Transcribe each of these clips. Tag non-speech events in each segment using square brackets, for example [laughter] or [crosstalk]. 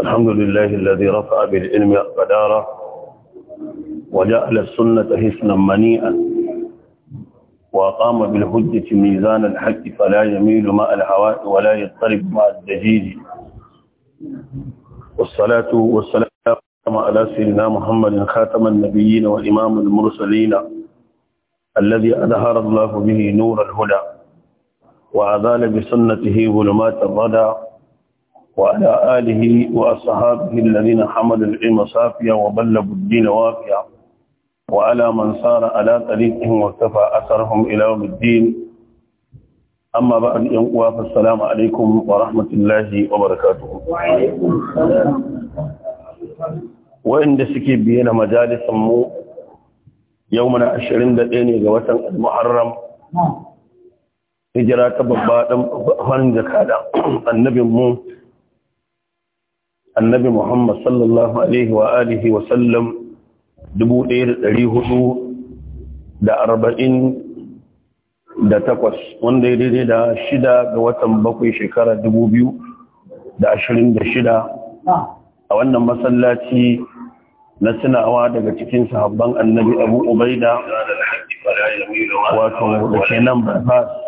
الحمد لله الذي رفع بالعلم قداره وجعل السنة حسنا منيئا وقام بالهجة ميزان الحق فلا يميل ماء الهواء ولا يضطرب ماء الدجيج والصلاة والسلام على سيدنا محمد خاتم النبيين وإمام المرسلين الذي أظهر الله به نور الهدى وأذان بسنته ظلمات الردى وعلى آله وأصحابه الذين حملوا العلم صافيا وبلغوا الدين وافيا وعلى من صار على طريقهم واكتفى أثرهم إلى يوم الدين أما بعد فالسلام عليكم ورحمة الله وبركاته وعليكم السلام وإن دسكي بينا مجالس مو يومنا عشرين دقيني جواتا المحرم hijira ta babba dan farin jakada annabin mu annabi Muhammad sallallahu alaihi wa alihi wa sallam 1440 da takwas wanda ya daidai da shida ga watan bakwai shekara dubu biyu da ashirin da shida a wannan masallaci na tunawa daga cikin sahabban annabi abu ubaida wato da ke nan bypass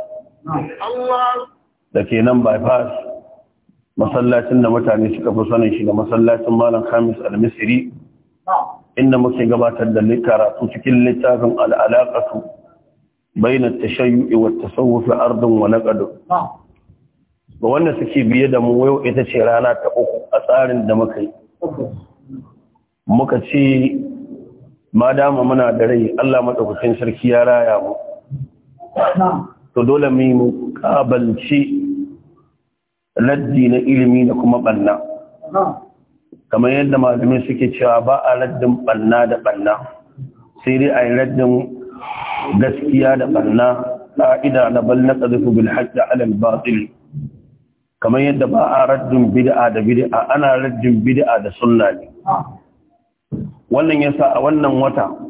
da ke nan bypass masallacin da mutane suka fi sanin shi da masallacin malam khamis al-misri inda muke gabatar da karatu cikin littafin al'alaƙatu bayan tashayyu'i wa tasawufi ardun wa naƙadu ga wanda suke biye da mu yau ita ce rana ta uku a tsarin da muka yi muka ce madama muna da rai Allah maɗaukakin sarki ya raya mu to dole mai mukabalci laddi na ilimi da kuma banna kamar yadda malamai suke cewa ba a raddin banna da banna sai dai a yi raddin gaskiya da banna ƙa'ida na bal na ƙazafu bil haƙƙi alal batil kamar yadda ba a raddin bid'a da bid'a ana raddin bid'a da sunna ne wannan yasa a wannan wata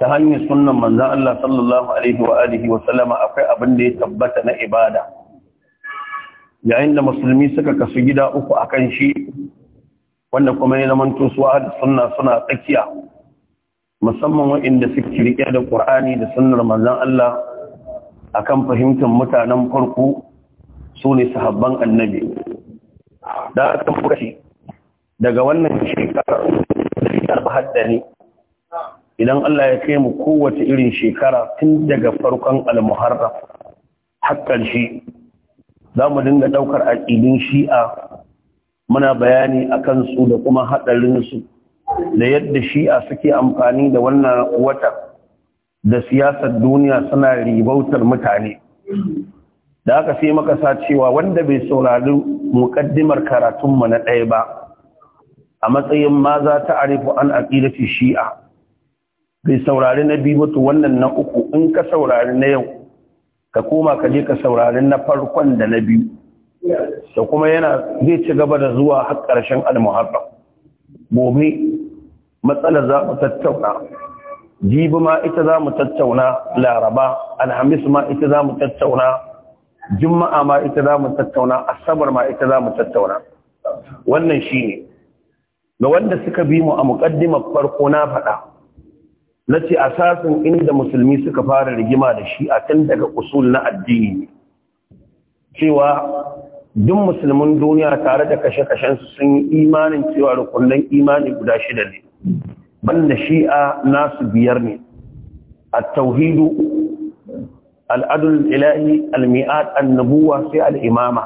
ta hanyar sunnan manzan Allah sallallahu alaihi wa alihi akwai abin da ya tabbata na ibada yayin da musulmi suka kasu gida uku akan shi wanda kuma ya zamanto su da sunna suna tsakiya musamman waɗanda suke rike da ƙur'ani da sunnar manzan Allah akan fahimtar mutanen farko su ne sahabban annabi da aka daga wannan shekara da shekara haddani idan Allah ya kai mu kowace irin shekara tun daga farkon al-muharram hakkar shi za mu dinga ɗaukar aƙidin shi'a muna bayani a su da kuma haɗarinsu da yadda shi'a suke amfani da wannan wata da siyasar duniya suna ribautar mutane da aka sai maka sa cewa wanda bai saurari muƙaddimar karatunmu na ɗaya ba a matsayin ma za ta arifu an aƙidati shi'a bai saurari na biyu to wannan na uku in ka saurari na yau ka koma ka je ka saurari na farkon da na biyu da kuma yana zai ci gaba da zuwa har ƙarshen almuharram gobe matsalar za mu tattauna jibi ma ita za mu tattauna laraba alhamis ma ita za mu tattauna juma'a ma ita za mu tattauna asabar ma ita za mu tattauna wannan shine ga wanda suka bi mu a muƙaddimar farko na faɗa na ce asasin inda musulmi suka fara rigima da shi a tun daga usul na addini cewa duk musulmin duniya tare da kashe-kashensu sun yi imanin cewa rukunin imani guda shida ne banda shi'a nasu biyar ne Tauhidu, al'adul ilahi الميعاد Annabuwa sai al'imama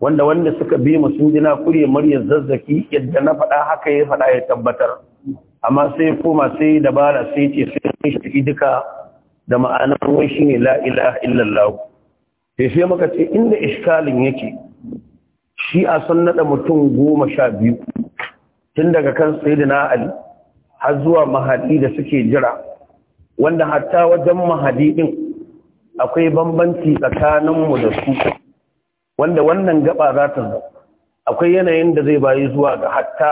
wanda wanda suka bi mu sun jina kurye muryar zazzaki yadda na faɗa haka ya faɗa ya tabbatar amma sai koma sai dabara sai ce sai shi duka da ma'anar ne shi la ilaha illallah sai sai muka ce inda iskalin yake shi a san nada mutum goma sha biyu tun daga kan da ali har zuwa mahadi da suke jira wanda hatta wajen mahadi din akwai bambanci tsakaninmu da su wanda wannan gaba za ta zo akwai yanayin da zai bayi zuwa ga hatta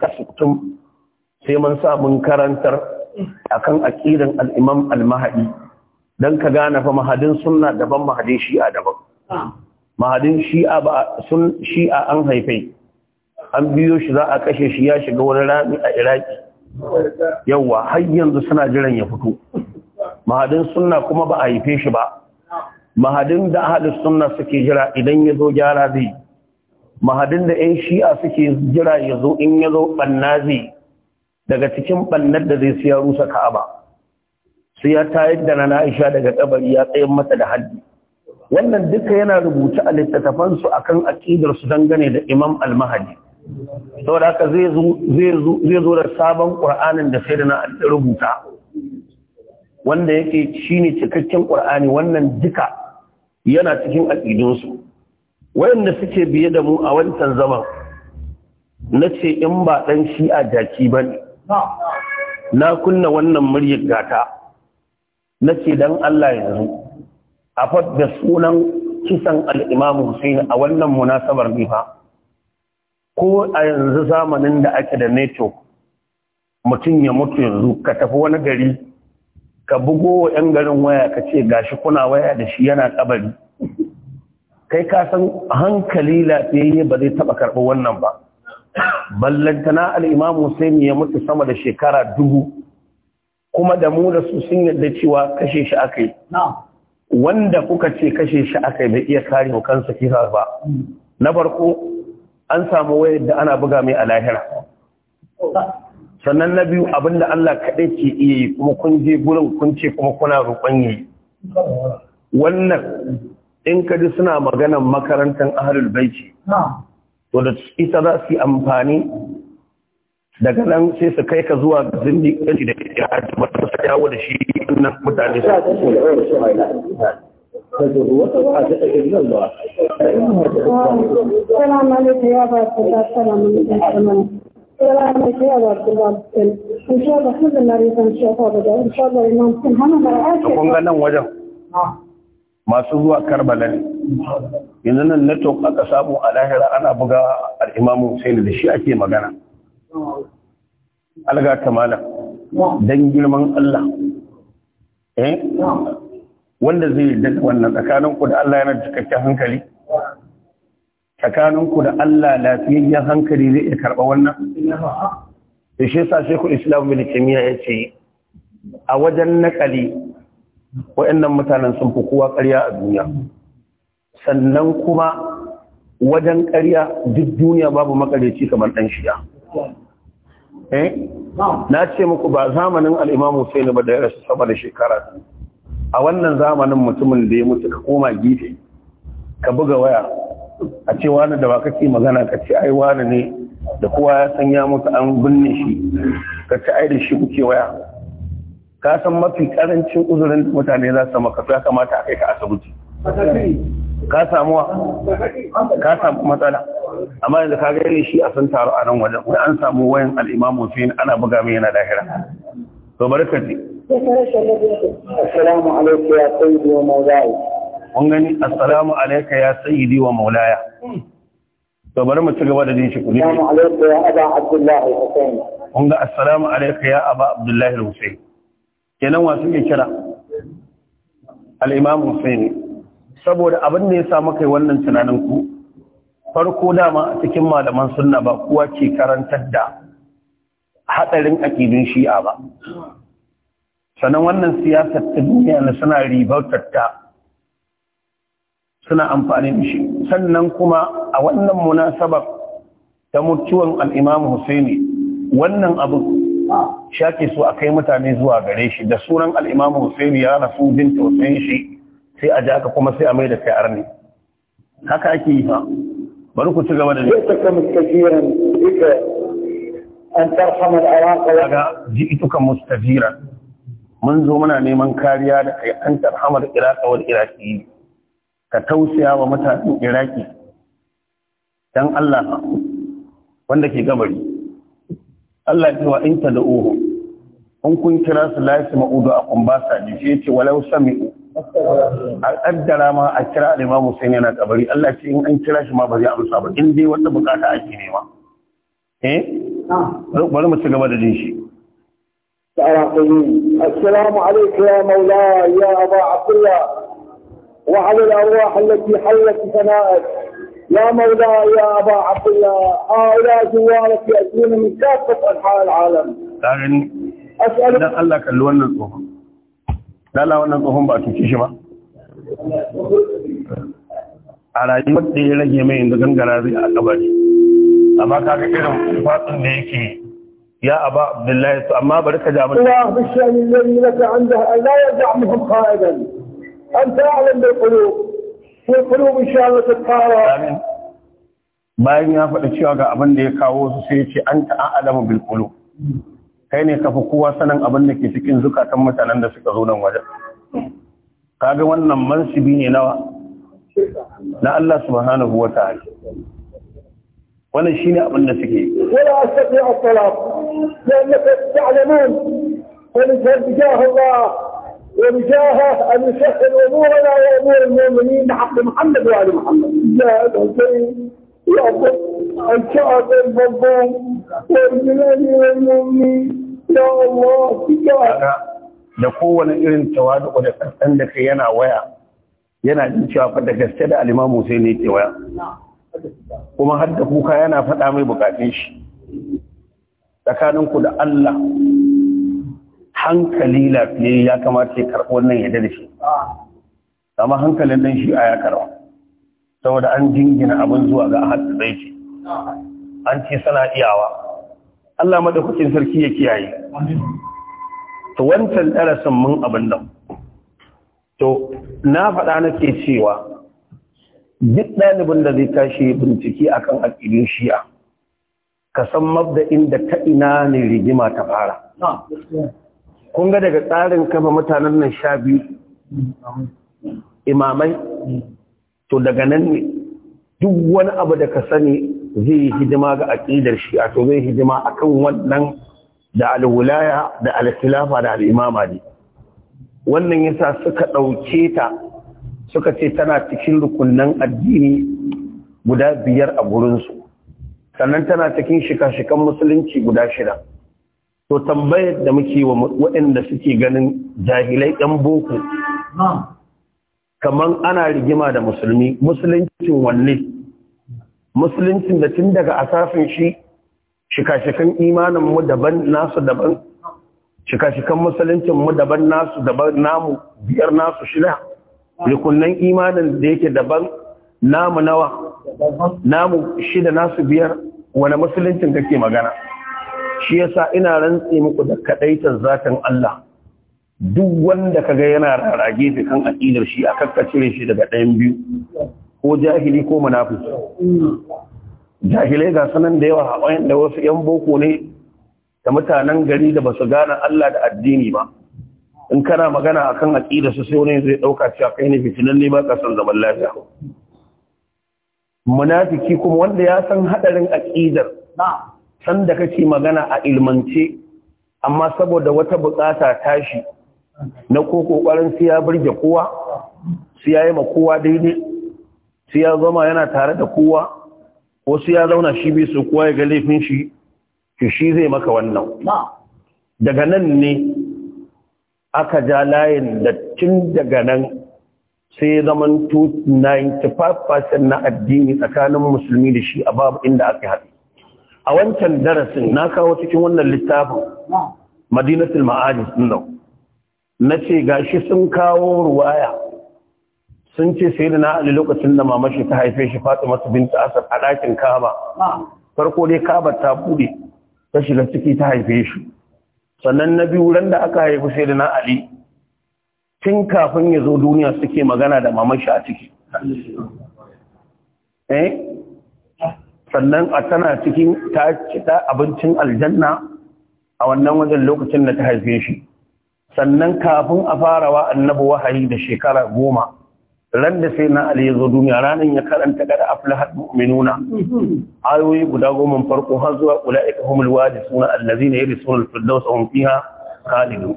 kasutun sai mun sa mun karantar akan aqidan al-imam al-mahdi dan ka gane fa mahadin sunna daban mahadin shi'a daban mahadin shi'a an haife an biyo shi za a kashe shi ya shiga wani rami a iraki yawa har yanzu suna jiran ya fito mahadin sunna kuma ba a haife shi ba mahadin da ahalus sunna suke jira idan ya zo gyara zai mahadin da 'yan shi'a suke jira ya in ya zo ɓanna zai daga cikin ɓannar da zai siya rusa ka'aba sai ya tayar da na Na'isha daga kabari ya tsayar mata da haddi wannan duka yana rubuta a littattafansu a kan aƙidarsu su dangane da Imam almahadi mahdi saboda haka zai zo da sabon ƙur'anin da sai da na rubuta wanda yake shi ne cikakken ƙur'ani wannan duka yana cikin aqidun wayanda suke biye da mu a wancan zaman na ce in ba ɗan shi a jaki ba ne na kunna wannan muryar gata na ce don Allah ya yanzu a fadda sunan kisan al'imamu Hussein a wannan munasabar nifa ko a yanzu zamanin da ake da neto mutum ya mutu yanzu ka tafi wani gari ka bugo wa ‘yan garin waya ka ce gashi kuna waya da shi yana kabari kai ka san hankali lafiyayye ba zai taɓa karɓi wannan ba ballantana al'imam sai ya mutu sama da shekara dubu kuma da mu da su sun yadda cewa kashe shi aka yi wanda kuka ce kashe shi aka yi bai iya kare wa kansa kisa ba na farko an samu wayar da ana buga mai a lahira sannan na biyu abinda Allah kaɗai ke iya yi kuma kun je gurin kun ce kuma kuna roƙon yi wannan in ka ji suna maganan makarantar bai baiti wadda ita za su yi amfani daga nan sai su kai ka zuwa ga zindi ƙanci da ke hajji masu sajawa da shi nan mutane su kun ga nan wajen ah. masu zuwa karbala ne yanzu nan na to aka samu a lahira ana buga al'imamu sai da shi ake magana alga kamala don girman Allah eh wanda zai yarda wannan tsakaninku da Allah yana cikakken hankali tsakaninku da Allah lafiyayyen hankali zai iya karɓa wannan da shi sai ku islam bin kimiyya ya ce a wajen nakali wa'annan mutanen sun fi kowa ƙarya a duniya sannan kuma wajen ƙarya duk duniya babu makareci kamar ɗan shiya eh? na ce muku ba zamanin al'imamu sai da bada yarasu sama da shekara a wannan zamanin mutumin da ya mutu ka koma gefe ka buga waya a ce wani da ba kake magana ka ce ai wani ne da kowa ya sanya ya mutu an binne shi ka ce ai da shi kuke waya ka san mafi karancin uzurin mutane za su maka ya kamata a kai ka asibiti ka samu ka samu matsala amma yanzu ka gani shi a sun taro a nan wajen da an samu wayan al'imamu fiye ana buga mai yana lahira to barkati assalamu alaikum ya sayyidi wa maulaya kun gani assalamu alaika ya sayyidi wa maulaya to bari mu ci gaba da jin shi kudi assalamu alaika ya aba abdullahi hussein kun ga assalamu alaika ya aba abdullahi hussein kenan wasu ke kira al-imam saboda abin da ya sa maka wannan tunanin ku farko dama a cikin malaman sunna ba kowa ke karantar da hadarin akidun shi'a ba sannan wannan siyasar ta duniya na suna ribautar ta suna amfani da shi sannan kuma a wannan munasabar ta mutuwan al'imam Husaini wannan abu shi su a kai mutane zuwa gare shi da sunan al’imamu Hussein ya rasu bin tausayin shi sai a jaka kuma sai a mai da kai arni haka ake yi fa bari ku ci gaba da ga ji itukan mustajiran mun zo muna neman kariya da kai an tarhamar iraka wal iraki ka tausaya wa mutanen iraki don Allah wanda ke gabari Allah ce wa in tad'uhu in kun kira su la yasma'u da akun ba sa ji sai ce walau sami'u a kaddara ma a kira Imam Hussein yana kabari Allah ce in an kira shi ma ba zai amsa ba in dai wata bukata ake nema eh bari mu ci gaba da jin shi السلام عليك يا مولاي يا أبا عبد الله وعلى الأرواح التي حلت ثناءك يا مولاي يا أبا عبد الله هؤلاء جوارك يأتون من كافة أنحاء العالم لكن أسألك dan لك kalli wannan لا لا wannan tsohon ba tuki shi ba a rayuwar da ya rage mai yanzu gangara zai a يا أبا عبد الله أما بركة جابر الله بالشأن الذي لك عنده أن لا يدعمهم قائدا أنت أعلم بالقلوب sai kullum sha Allah ta fara amin bayan ya faɗi cewa ga abin da ya kawo su sai ce an ta a'lamu bil qulub kai ne kafa kowa sanin abin da ke cikin zukatan mutanen da suka zo nan wajen kaga wannan mansibi ne nawa na Allah subhanahu wa ta'ala wannan shine abin da suke wala astati as-salat la'annaka ta'lamun qul jazakallahu ونجاهه أن يسهل أمورنا وأمور المؤمنين بحق محمد وعلي محمد الشعب المظلوم والمؤمنين يا الله da kowane irin tawadu da kasan da kai yana waya yana jin cewa fa da gaske da alimamu sai ne ke waya kuma har da kuka yana faɗa mai bukatun shi tsakaninku da Allah hankali lafiya ya kamata ya karɓi wannan ya da shi amma hankalin nan shi a ya karɓa saboda an jingina abin zuwa ga hadu zai ce an ce sana iyawa Allah kukin sarki ya kiyaye to wancan darasin mun abin nan to na faɗa na ke cewa duk ɗalibin da zai tashi bincike akan aƙidun shi'a ka san mabda inda ta ina ne rigima ta fara kun ga daga tsarin kafa mutanen nan sha biyu imamai to daga nan ne duk wani abu da ka sani zai yi hidima ga aƙidar shi a to zai hidima kan wannan da alwulaya da alkilafa da al'imama ne wannan yasa suka ɗauke ta suka ce tana cikin rukunnan addini guda biyar a gurinsu sannan tana cikin shika-shikan musulunci guda shida to tambayar da muke wa waɗanda suke ganin jahilai ɗan boko kamar ana rigima da musulmi musuluncin wanne musuluncin da tun daga asafin shi shika-shikan imaninmu daban nasu daban shika-shikan musuluncinmu daban nasu daban namu biyar nasu shida rikunnan imanin da yake daban namu nawa namu shida nasu biyar Wane musuluncin kake magana shi yasa ina rantsi muku da kadaitar zatan Allah duk wanda kaga yana rarage gefe kan aqidar shi a cire shi daga ɗayan biyu ko jahili ko munafiki jahilai ga sanan da yawa hawayen da wasu yan boko ne da mutanen gari da basu gane Allah da addini ba in kana magana akan aqida su sai wani zai dauka cewa kai ne fitinan ne ba ka san zaman lafiya munafiki kuma wanda ya san hadarin aqidar san da kake magana a ilmance amma saboda wata bukata tashi na ko kokarin sai ya burge kowa sai yi ma kowa daidai sai zama yana tare da kowa ko sai zauna shi bai su kowa ya ga laifin shi to shi zai maka wannan daga nan ne aka ja layin da tun daga nan sai zaman 95% na addini tsakanin musulmi da shi a babu inda aka haɗu a wancan darasin na kawo cikin wannan littafin madinatul ma'adis nan na ce gashi sun kawo ruwaya sun ce sai da na ali lokacin da mamashi ta haife shi fatima binta asar a ɗakin kaba farko dai kaba ta buɗe ta shiga ciki ta haife shi sannan na biyu ran da aka haifi sai da na ali tun kafin ya zo duniya suke magana da mamashi a ciki sannan a tana cikin ta cita abincin aljanna a wannan wajen lokacin da ta haife shi sannan kafin a farawa annabi wahayi da shekara goma ran da sai na ali ya zo duniya ranar ya karanta kada aflahat mu'minuna ayoyi guda goma farko har zuwa ulaika humul warisuna allazina yarisuna al-firdaus hum fiha khalidun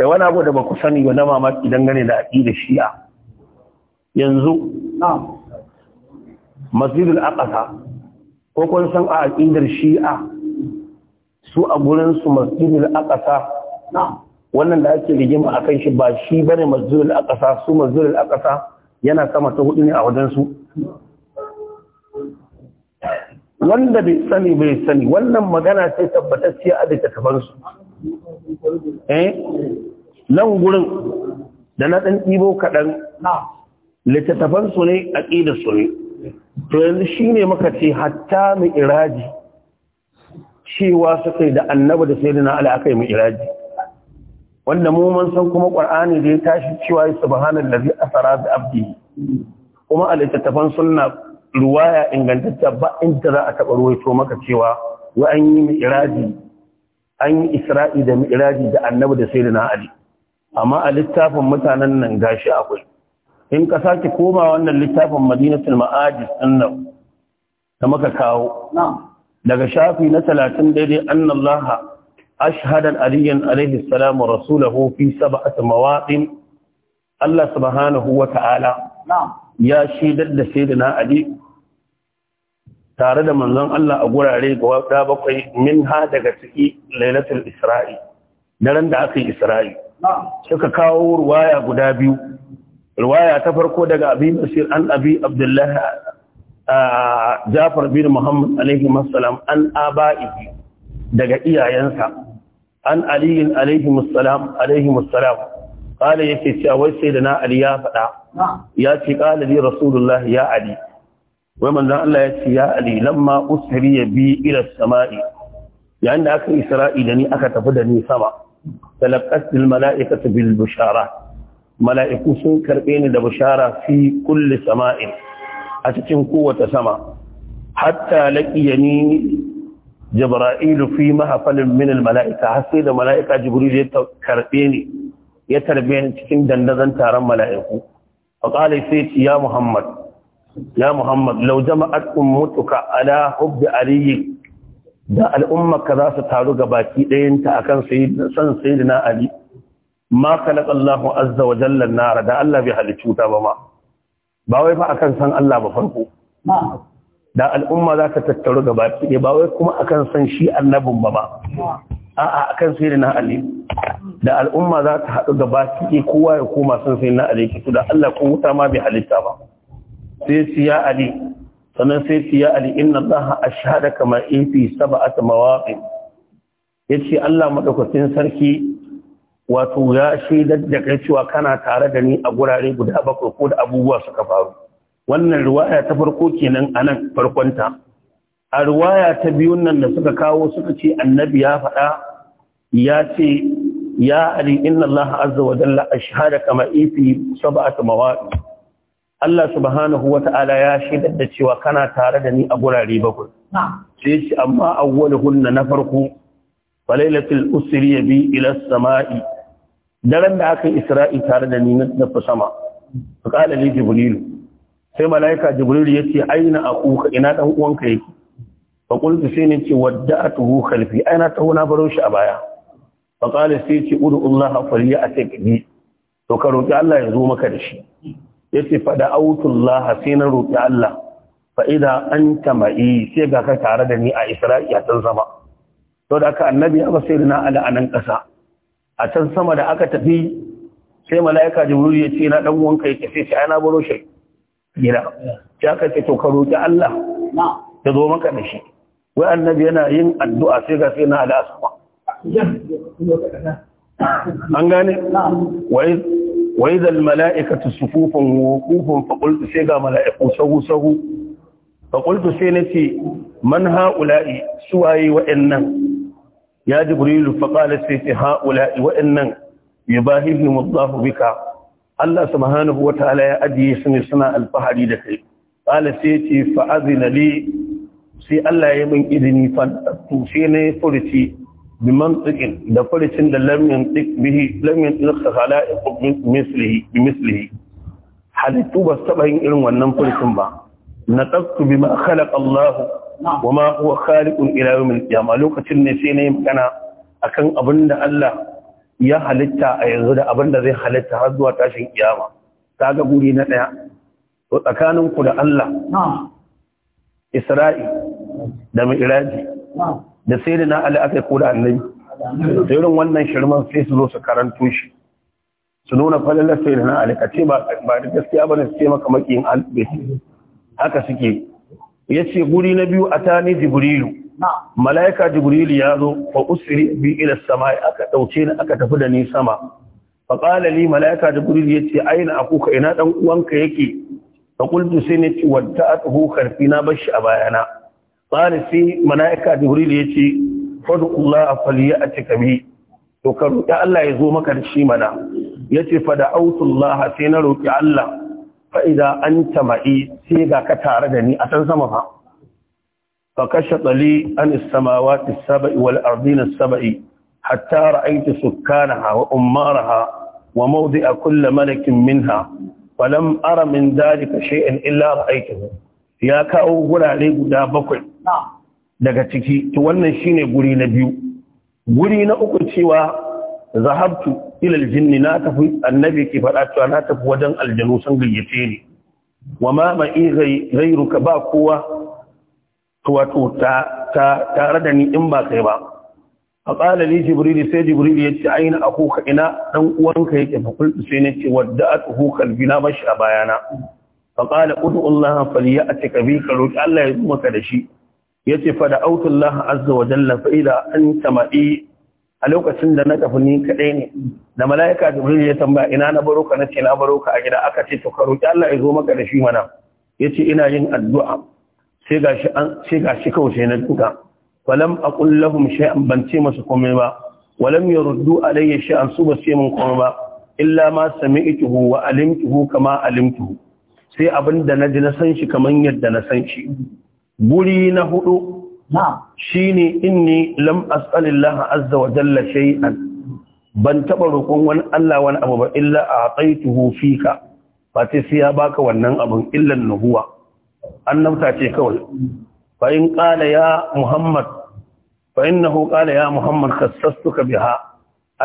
sai wani abu da ba ku sani ba na mamaki gane da aqida shi'a yanzu masjidul aqsa ko kun san a aƙidar shi'a su a gurinsu masjidul aqsa wannan da ake rigima a kan shi ba shi ba ne masjidul aqsa su masjidul aqsa yana sama ta hudu ne a wajensu wanda bai sani bai sani wannan magana sai sai a littattafansu eh nan gurin da na ɗan ɗibo kaɗan littattafansu ne a su ne to yanzu shi ne maka ce hatta mu iraji cewa su kai da annaba da sayyidina ala aka yi mu iraji wanda mu mun san kuma qur'ani da ya tashi cewa subhanallazi asara bi abdi kuma a littattafan sunna ruwaya ingantacce ba inda za a taɓa ruwaito maka cewa wa an yi mi'raji an yi isra'i da iraji da annabi da sayyidina ali amma a littafin mutanen nan gashi akwai in ka sake koma wannan littafin madinatul ma'ajis din nan da muka kawo daga shafi na 30 daidai annallaha ashhadan aliyan alaihi salam wa rasulahu fi sab'ati mawaqin Allah subhanahu wa ta'ala ya shidar da sayyidina ali tare da manzon Allah a gurare ga bakwai min ha daga ciki lailatul isra'i daren da aka yi isra'i suka kawo ruwaya guda biyu riwaya ta farko daga abi masir an abi abdullahi jafar bin muhammad alaihi masalam an aba'i daga iyayensa an aliyin alaihi masalam alaihi masalam kala yake cewa wai sai da na ali ya faɗa ya ce kala ne rasulullah ya ali wai manzan Allah ya ce ya ali lamma usri ya bi ila sama'i yayin da aka isra'i da ni aka tafi da ni sama talaqatil mala'ikatu bil bushara mala'iku sun karɓe ni da bishara fi kulli sama'in a cikin kowace sama hatta laqiyani jibra'ilu fi mahfalin min malaika har sai da mala'ika jibril ya karɓe ni ya tarbe ni cikin dandazon taron mala'iku fa qala sai ya muhammad ya muhammad law jama'at ummutuka ala hubbi aliyu da al'ummaka za su taru ga baki ɗayanta akan sayyidina ali ma khalaqa Allahu azza wa jalla an-nar da Allah bai halicci ta ba ma ba wai fa akan san Allah ba farko da al'umma za ta tattaru gaba ɗaya ba wai kuma akan san shi annabin ba ba a'a akan sai na Ali da al'umma za ta haɗu gaba ɗaya kowa ya koma san sai na Ali kitu da Allah ko wuta ma bai halitta ba sai su ya Ali sannan sai su ya Ali inna Allah ashhadaka ma ifi sab'at mawaqif yace Allah madaukakin sarki wato ya shaidar da kai cewa kana tare da ni a gurare guda bakwai ko da abubuwa suka faru wannan riwaya ta farko kenan a nan farkonta a riwaya ta biyun nan da suka kawo suka ce annabi ya faɗa ya ce ya ali inna Allah azza wa jalla ashhada kama ifi sab'atu mawaqi Allah subhanahu wa ta'ala ya shaidar da cewa kana tare da ni a gurare bakwai sai ce amma hunna na farko falailatul usri bi ila samai daren da aka yi isra'i tare da ni na fi sama su ƙala ne jibrilu sai mala'ika jibrilu ya ce aina a kuka ina ɗan uwanka yake fa kultu sai ne ce wadda a tuhu kalfi aina taho na baro shi a baya fa ƙala sai ce udu Allah faliya a sai kaji to ka roƙi Allah ya zo maka da shi ya ce faɗa autullah sai na roki Allah fa ida an tama'i sai ga ka tare da ni a isra'i a can sama to da aka annabi ya na ala anan ƙasa a can sama da aka tafi sai mala'ika jibril ya ce na dan wanka ya kace shi ana baro shi gida ya ka ce to ka roki Allah ya zo maka da shi wai annabi yana yin addu'a sai ga sai na ala an gane wai wai zal mala'ikatu sufufun wuqufun fa qultu sai ga mala'iku sahu sahu fa qultu sai nace man ha'ula'i suwaye wa'annan ya jibrilu faƙalar sai ce ha'ula'i waɗannan ya ba hibin bika Allah subhanahu wa ta'ala ya ajiye su ne suna alfahari da kai ƙala sai ce fa'azina li sai Allah ya min izini fa sai ne ya bi da furicin da lamyan tsik bihi lamyan tsik hala'in bi mislihi halittu ba su taɓa yin irin wannan furicin ba na tsaktu bima khalaqa Allah wa ma huwa khaliqun ila yawmil qiyama lokacin ne sai ne magana akan abin da Allah ya halitta a yanzu da abin da zai halitta har zuwa tashin kiyama kaga guri na daya to tsakanin ku da Allah Isra'i da Mi'raji da sayyidina Ali aka ko da annabi da irin wannan shirman sai su zo su karanto shi su nuna falalar sayyidina Ali ka ce ba ba gaskiya bane su ce maka makiyin albi haka suke ya ce guri na biyu a tani jibrilu mala'ika jibrilu ya zo wa usiri bi ila sama aka dauce ni aka tafi da ni sama fa qala li mala'ika jibrilu ya ce aina akuka ina dan uwanka yake fa qultu sai ti ce wadda'atuhu karfi na bashi a bayana qala sai mala'ika jibrilu ya ce fadullah faliya'tika bi to ka roki Allah ya zo maka da shi mana yace fa da'awtu sai na roki Allah fa'iza an tama'i sai ga ka tare da ni a can sama fa fa kashe tsali an isamawa saba'i wal ardinas saba'i hatta ra'aiti sukkanaha wa ummaraha wa a kulli malakin minha falam ara min dalika shay'an illa ra'aituhu ya kawo gurare guda bakwai daga ciki to wannan shine guri na biyu guri na uku cewa zahabtu ilal jinni na tafi annabi ke faɗa cewa na tafi wajen aljanu sun gayyace ni wa ma ma'i gairuka ba kowa wato tare da ni in ba kai ba a ƙala ni jibril sai jibril ya ce aina a kuka ina ɗan uwanka yake fakultu sai na ce wadda a tuhu kalbi na bashi a bayana a ƙala ƙudu Allah faliya a ce kabi ka roƙi Allah ya zo maka da shi ya ce fa da autun Allah azza wa jalla fa'ida an tama'i a lokacin da na tafi ni kaɗai ne da mala'ika jibril ya tambaya ina na baro ka nace na baro ka a gida aka ce to karo, roki Allah ya zo maka da shi mana yace ina yin addu'a sai gashi an sai gashi kawai sai na duka falam aqul lahum shay'an ban ce masa komai ba walam yurdu alayya shay'an su ba sai mun komai ba illa ma sami'tuhu wa alimtuhu kama alimtuhu sai abin da na ji na san shi kaman yadda na san shi guri na hudu shine inni lam as'alillah azza wa jalla shay'an ban taba roƙon wani Allah wani abu ba illa a'taituhu fika ba sai sai ya baka wannan abun illan nuhuwa. annabta ce kawai fa in qala ya muhammad fa innahu qala ya muhammad khassastuka biha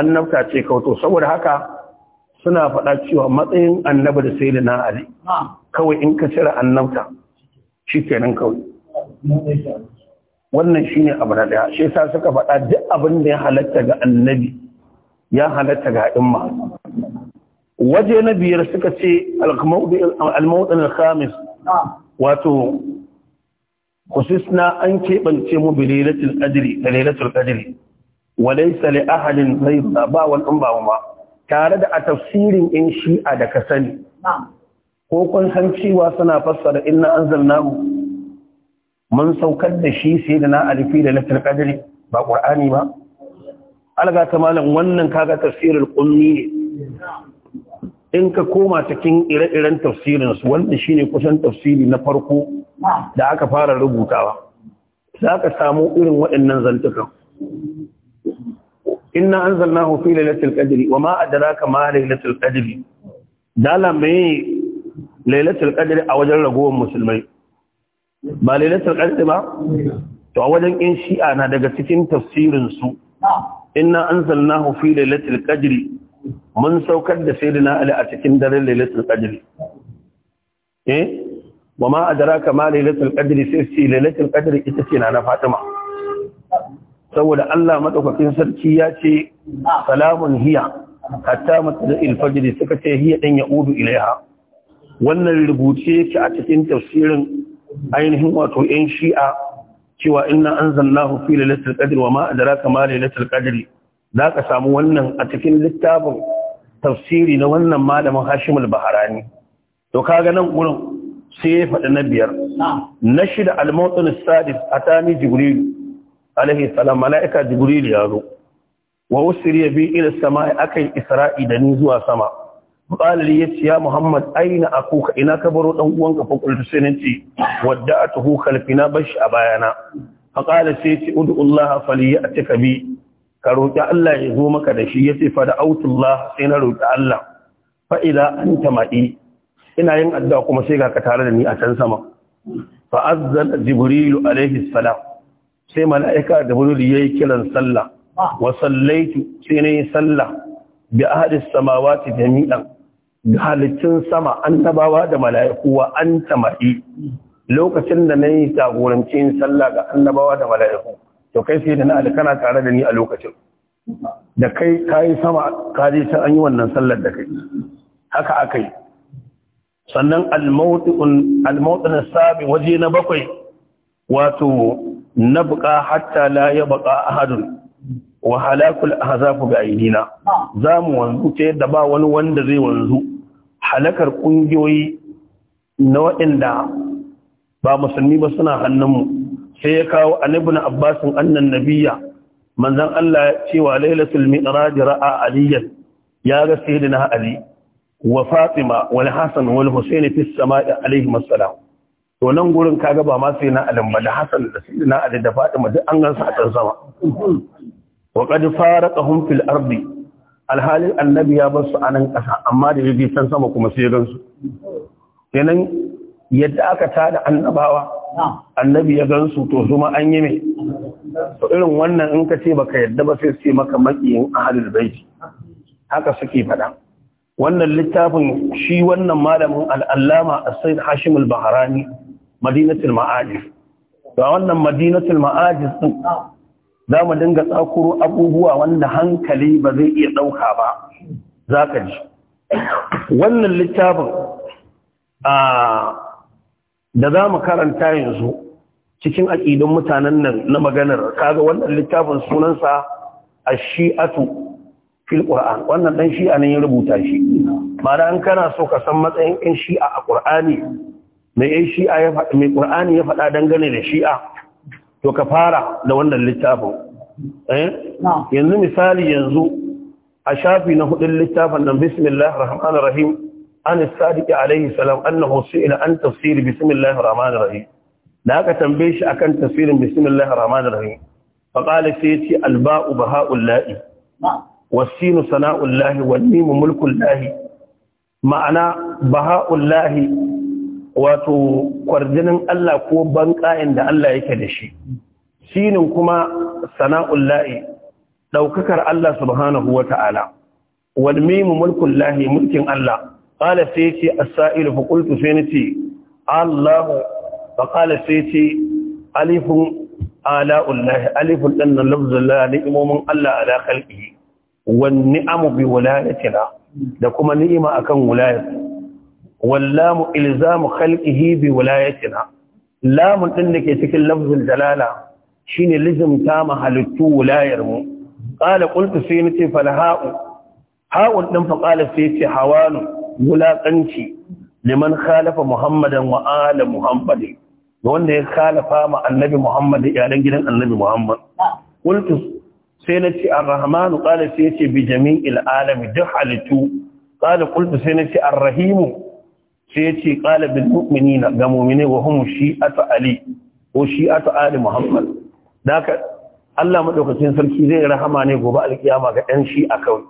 annabta ce kawai to saboda haka suna faɗa cewa matsayin annaba da sai na ali kawai in ka cire annabta shi kenan kawai wannan shine abu na ɗaya. shi suka faɗa duk abin da ya halatta ga annabi ya halatta ga imma waje na biyar suka ce al-mawdin al-khamis wato khususna an keɓance mu bi lailatul qadri da lailatul qadri wa laysa li ahadin ba wal umma tare da a tafsirin in shi'a da kasani ko kun san cewa suna fassara inna anzalnahu mun saukar da shi sai da na alifi da na kadari ba ƙur'ani ba alga ta malam wannan kaga tafsirin ƙunni ne in ka koma cikin ire-iren tafsirin su wanda ne kusan tafsiri na farko da aka fara rubutawa za ka samu irin waɗannan zantukan inna hufi da latin ƙadiri wa ma ka ma latin ƙadiri dala mai latin ƙadiri a wajen ragowar musulmai ba lailatul qadr ba to a wajen in shi'a na daga cikin tafsirin su inna anzalnahu fi lailatul qadr mun saukar da na ali a cikin daren lailatul qadr eh a adraka ma lailatul qadr sai sai lailatul qadr ita ce na na fatima saboda Allah madaukakin sarki ya ce salamun hiya hatta matsalil ilfajiri suka ce hiya din yaudu ilaiha wannan rubuce yake a cikin tafsirin ainihin wato yan shi'a cewa inna anzalnahu fi lailatul qadr wa ma adraka ma lailatul za ka samu wannan a cikin littafin tafsiri na wannan malamin Hashimul al-Baharani to ga nan gurin sai ya faɗi na biyar na shida al-mawtun as atani alaihi salam malaika jibril ya zo wa usriya bi ila samai akai isra'i da ni zuwa sama qalali yace ya muhammad aina kuka, ina ka baro dan uwanka fa qultu sai nace wadda'atuhu khalfina bashi a bayana fa qala sai yace ud'ullaha falyatika bi ka roki Allah ya zo maka da shi yace fa da'autullah sai na roki Allah fa idza anta ma'i ina yin addu'a kuma sai ga ka tare da ni a can sama fa azzana jibril alaihi salam sai mala'ika da buruli yayi kiran sallah wa sallaitu sai ne sallah bi ahadis samawati jami'an halittun sama an tabawa da mala'iku wa an tamari lokacin da na yi jagorancin sallah ga an annabawa da mala'iku to kai sai da na alikana tare da ni a lokacin da kai ka yi sama ka je ta an yi wannan sallar da kai haka aka yi sannan almautin sabi waje na bakwai wato na buƙa hatta la ya buƙa ahadun wa halakul ga bi Za mu wanzu ce da ba wani wanda zai wanzu halakar ƙungiyoyi na waɗanda ba musulmi ba suna hannunmu sai ya kawo annabi na abbasin annan nabiya manzan Allah cewa lailatul mi'raj ra'a aliyan ya ga sayyidina ali wa fatima wal hasan wal husayn fi samai alaihi assalam to nan gurin kaga ba ma sai na ba da hasan da sayyidina ali da fatima duk an gansu a can sama wa qad faraqahum fil ardi alhalin annabi ya bar su a nan ƙasa amma da ya can sama kuma sai su kenan yadda aka tada annabawa annabi ya gan su to zuma an yi mai to irin wannan in ka ce baka yadda ba sai sai maka makiyin ahlul baiti haka suke faɗa wannan littafin shi wannan malamin al'allama as-sayyid hashim al-bahrani madinatul ma'ajis to wannan madinatul ma'ajis din za mu dinga tsakuro abubuwa wanda hankali ba zai iya ɗauka ba za ka ji wannan littafin da za mu karanta yanzu cikin aƙidun mutanen nan na maganar kaga wannan littafin sunansa a shi'atu fil ƙura'an wannan ɗan shi'a ne ya rubuta shi da an kana so ka san matsayin ɗan shi'a a ƙura'ani mai ƙura'ani ya faɗa dangane da shi'a to ka fara da wannan littafin eh? yanzu misali yanzu a shafi na hudun littafin nan bismillah rahman rahim an sadiqi alaihi salam annahu su'ila an tafsir bismillah rahman rahim da aka tambaye shi akan tafsirin bismillah rahman rahim fa qala sai ce alba'u baha'ul la'i wasinu sana'ul lahi wan mimu mulkul lahi ma'ana baha'ul lahi wato kwarjinin Allah ko banƙa'in da Allah yake da shi sinin kuma sana'un la'i ɗaukakar Allah subhanahu wata'ala wal mim mulkul lahi mulkin Allah qala sai ce a sail fa sai nace Allah fa qala sai ce alifin ala'ul lahi alifin dan lafzul la Allah ala khalqihi wan amu bi walayatina da kuma ni'ima akan wilayati wallamu ilzamu khalqihi bi walayatina lamun din da ke cikin lafzul jalala shine lizimta ma halittu wulayar mu qala qultu sai nace fal ha'u ha'un din fa qala sai ce hawanu wulaƙanci liman khalafa muhammadan wa ala muhammadin wanda ya khalafa ma annabi muhammad da iyalan gidan annabi muhammad qultu sai nace ar-rahmanu qala sai ce bi jami'il alami duk halittu qala qultu sai nace ar-rahimu sai ya ce ƙalibin mu'mini ga mu'mini wa hun shi'atu ali ko shi'atu ali muhammad da haka Allah maɗaukacin sarki zai rahama ne gobe alkiyama ga ɗan shi'a kawai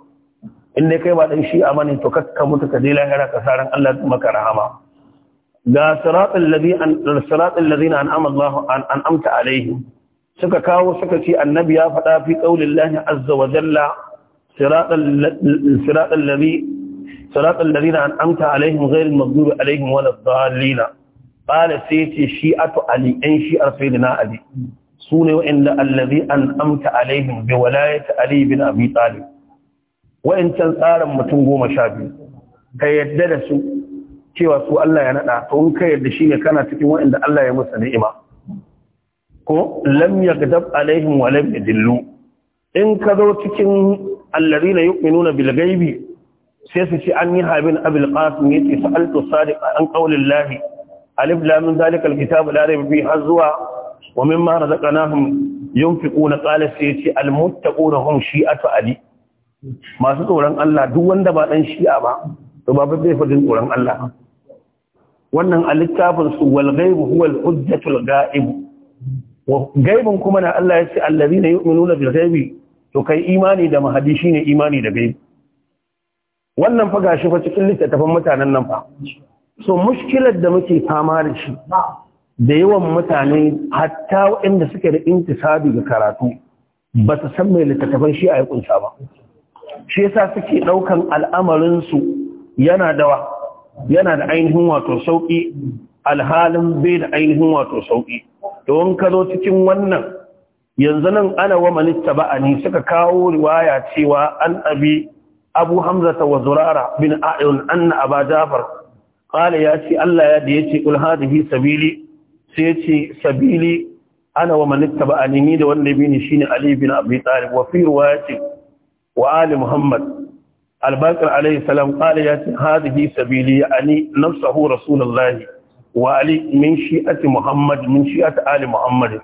in dai kai ba ɗan shi'a bane to ka mutu ka je lahira ka saran Allah ya maka rahama ga siratul ladhi an siratul ladhina an'ama Allah an an'amta alaihim suka kawo suka ce annabi ya faɗa fi qaulillahi azza wa jalla siratul siratul ladhi صراط الذين أنعمت عليهم غير المغضوب عليهم ولا الضالين قال سيتي شيعة علي إن شيعة سيدنا علي سوني وإن الذي أنعمت عليهم بولاية علي بن أبي طالب وإن تنصار متنقو مشابه كيددسوا cewa su Allah ya nada to in ka yarda shine kana cikin wanda Allah ya musa ni'ima ko lam yaghdab alaihim wa lam yadillu in ka zo cikin alladhina yu'minuna bil ghaibi sai su ce an yi habin abul qasim yace sa'altu sadiq an lahi. alif lam min zalikal kitabu la rayba fihi har zuwa wa mimma razaqnahum yunfiquna qala sai yace al muttaquna hum shi'atu ali masu tsoron Allah duk wanda ba dan shi'a ba to ba bai fadin tsoron Allah wannan a littafin su wal ghaibu huwa al hujjatul ghaib wa ghaibun kuma na Allah yace allazina yu'minuna bil ghaibi to kai imani da mahadi shine imani da gaibi wannan fa gashi fa cikin littattafan mutanen nan fa so mushkilar da muke fama da shi da yawan mutane hatta waɗanda suke da intisabi ga karatu ba su san mai littattafan shi a yi kunsa ba shi yasa suke ɗaukan al'amarinsu yana dawa yana da ainihin wato sauƙi alhalin bai da ainihin wato sauƙi don ka zo cikin wannan yanzu nan ana wa manitta ba'ani suka kawo riwaya cewa an abi abu hamzata wa zurara bin a'yun anna aba jafar qala ya ce Allah ya da yace kul hadhihi sabili sai ya ce sabili ana wa man ittaba'ani ni da wanda bi ni shine ali bin abi talib wa fi ce wa ali muhammad al-baqir alayhi salam qala ya ce hadhihi sabili yani nafsuhu rasulullahi wa ali min shi'ati muhammad min shi'ati ali muhammad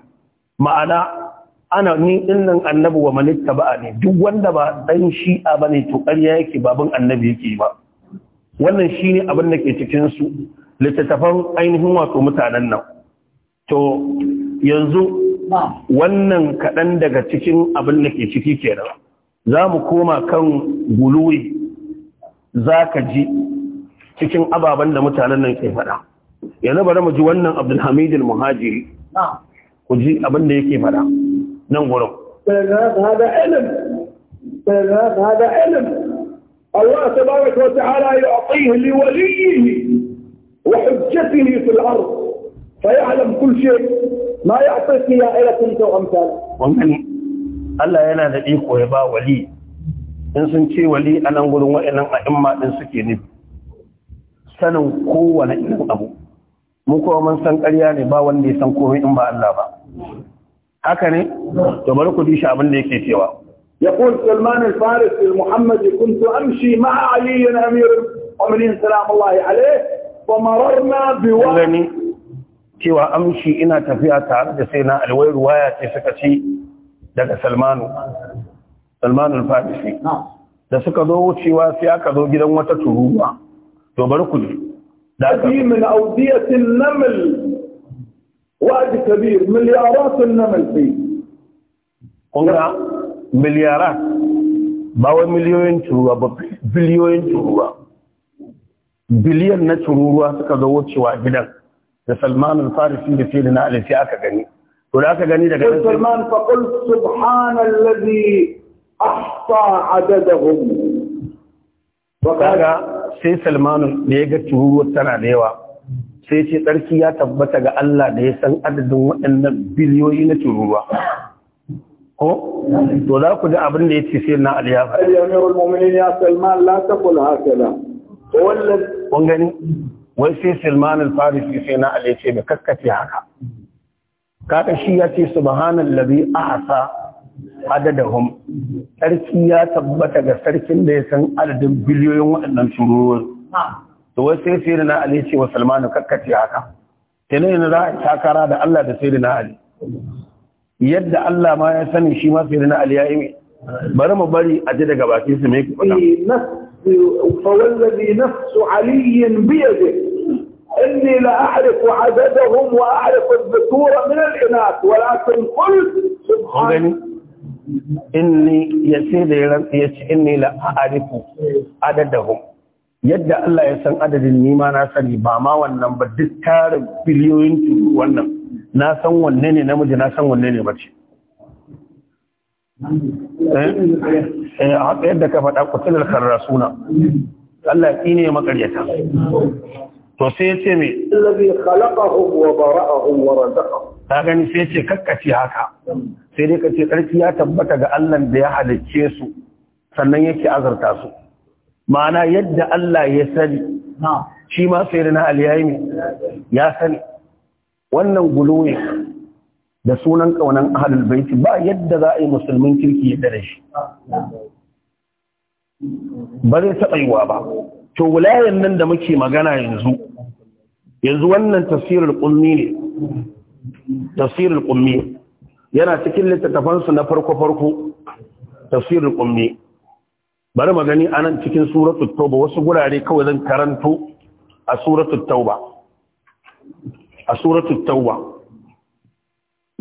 ma'ana ana ni dinnan annabi wa malitta ba ne duk wanda ba dan shi'a bane to ƙarya yake baban annabi yake ba wannan shine abin da ke cikin su littattafan ainihin wato mutanen nan to yanzu wannan kaɗan daga cikin abin da ke ciki kenan za mu koma kan guluwi za ka ji cikin ababen da mutanen nan ke faɗa yanzu bari mu ji wannan abdulhamidul muhajiri ku ji abin da yake faɗa ننقله نعم، استاذ هذا علم هذا علم الله تبارك وتعالى يعطيه لوليه وحجته في الارض فيعلم كل شيء ما يعطيك يا الى انت وامثالك ومن الله يلا ذيك ويبا ولي ان سنتي ولي انا نقول وانا اما ان سكي نب sanin kowane irin abu mu kuma man san ƙarya ne ba wanda ya san komai in ba haka ne to bari ku dishi abin da yake cewa يقول سلمان الفارس المحمدي كنت أمشي مع علي أمير المؤمنين سلام الله عليه ومررنا بواد cewa amshi ina tafiya tare da sai na alwai ruwaya ce suka ci daga Salmanu Salmanul Farisi da suka zo wucewa sai aka zo gidan wata turuwa to bar ku da aka min awdiyatin naml وادي كبير مليارات النمل فيه قلنا مليارات ba wai miliyoyin curuwa ba biliyoyin curuwa biliyan na suka zo wucewa gidan da salman da fili na alifi aka gani to da aka gani daga salman fa qul subhanallazi ahsa adadahum wa kaga sai Salmanu da ya ga curuwa tana da yawa sai ce tsarki ya tabbata ga Allah da ya san adadin waɗannan biliyoyi na tururuwa ko to za ku ji abin da ya ce sai na aliyafa al-yawmul mu'minin ya salman la taqul hakala wallan kun gani wai sai salman al-farisi sai na ali ce ba kakkace haka Kaka shi ya ce subhanallazi ahsa adadahum Tsarki ya tabbata ga sarkin da ya san adadin biliyoyin waɗannan tururuwa to wai sai sai na ali ce wa salmanu kakkace haka kenan yana za a takara da allah da sai na ali yadda allah ma ya sani shi ma sai na ali ya yi bari mu bari a ji daga bakin su me ku faɗa فوالذي نفس علي بيده إني لا أعرف عددهم وأعرف الذكور من الإناث ولكن قلت سبحان إني يسير إني لا أعرف عددهم yadda Allah ya san adadin nima na sani ba ma wannan ba duk tarin biliyoyin tudu wannan na san wanne ne namiji na san wanne ne mace eh, eh haka yadda ka faɗa kutular karrasuna Allah ya tsine makaryata to sai ce me allazi khalaqahum wa bara'ahum wa razaqahum ta gani sai ce kakkaci haka sai dai kace karfi ya tabbata ga Allah da ya halicce su sannan yake azurta su ma'ana yadda Allah ya sani shi ma sai da na aliyayi ya sani wannan gulo da sunan ƙaunan ahalul baiti ba yadda za a yi musulmin kirki yadda da shi ba zai taɓa yiwa ba to wulayen nan da muke magana yanzu yanzu wannan tasirin ƙummi ne tafsirul ƙummi yana cikin littattafansu na farko-farko tafsirul ƙummi bari magani anan cikin suratul tauba wasu gurare kawai zan karanto a suratul tauba a suratul tauba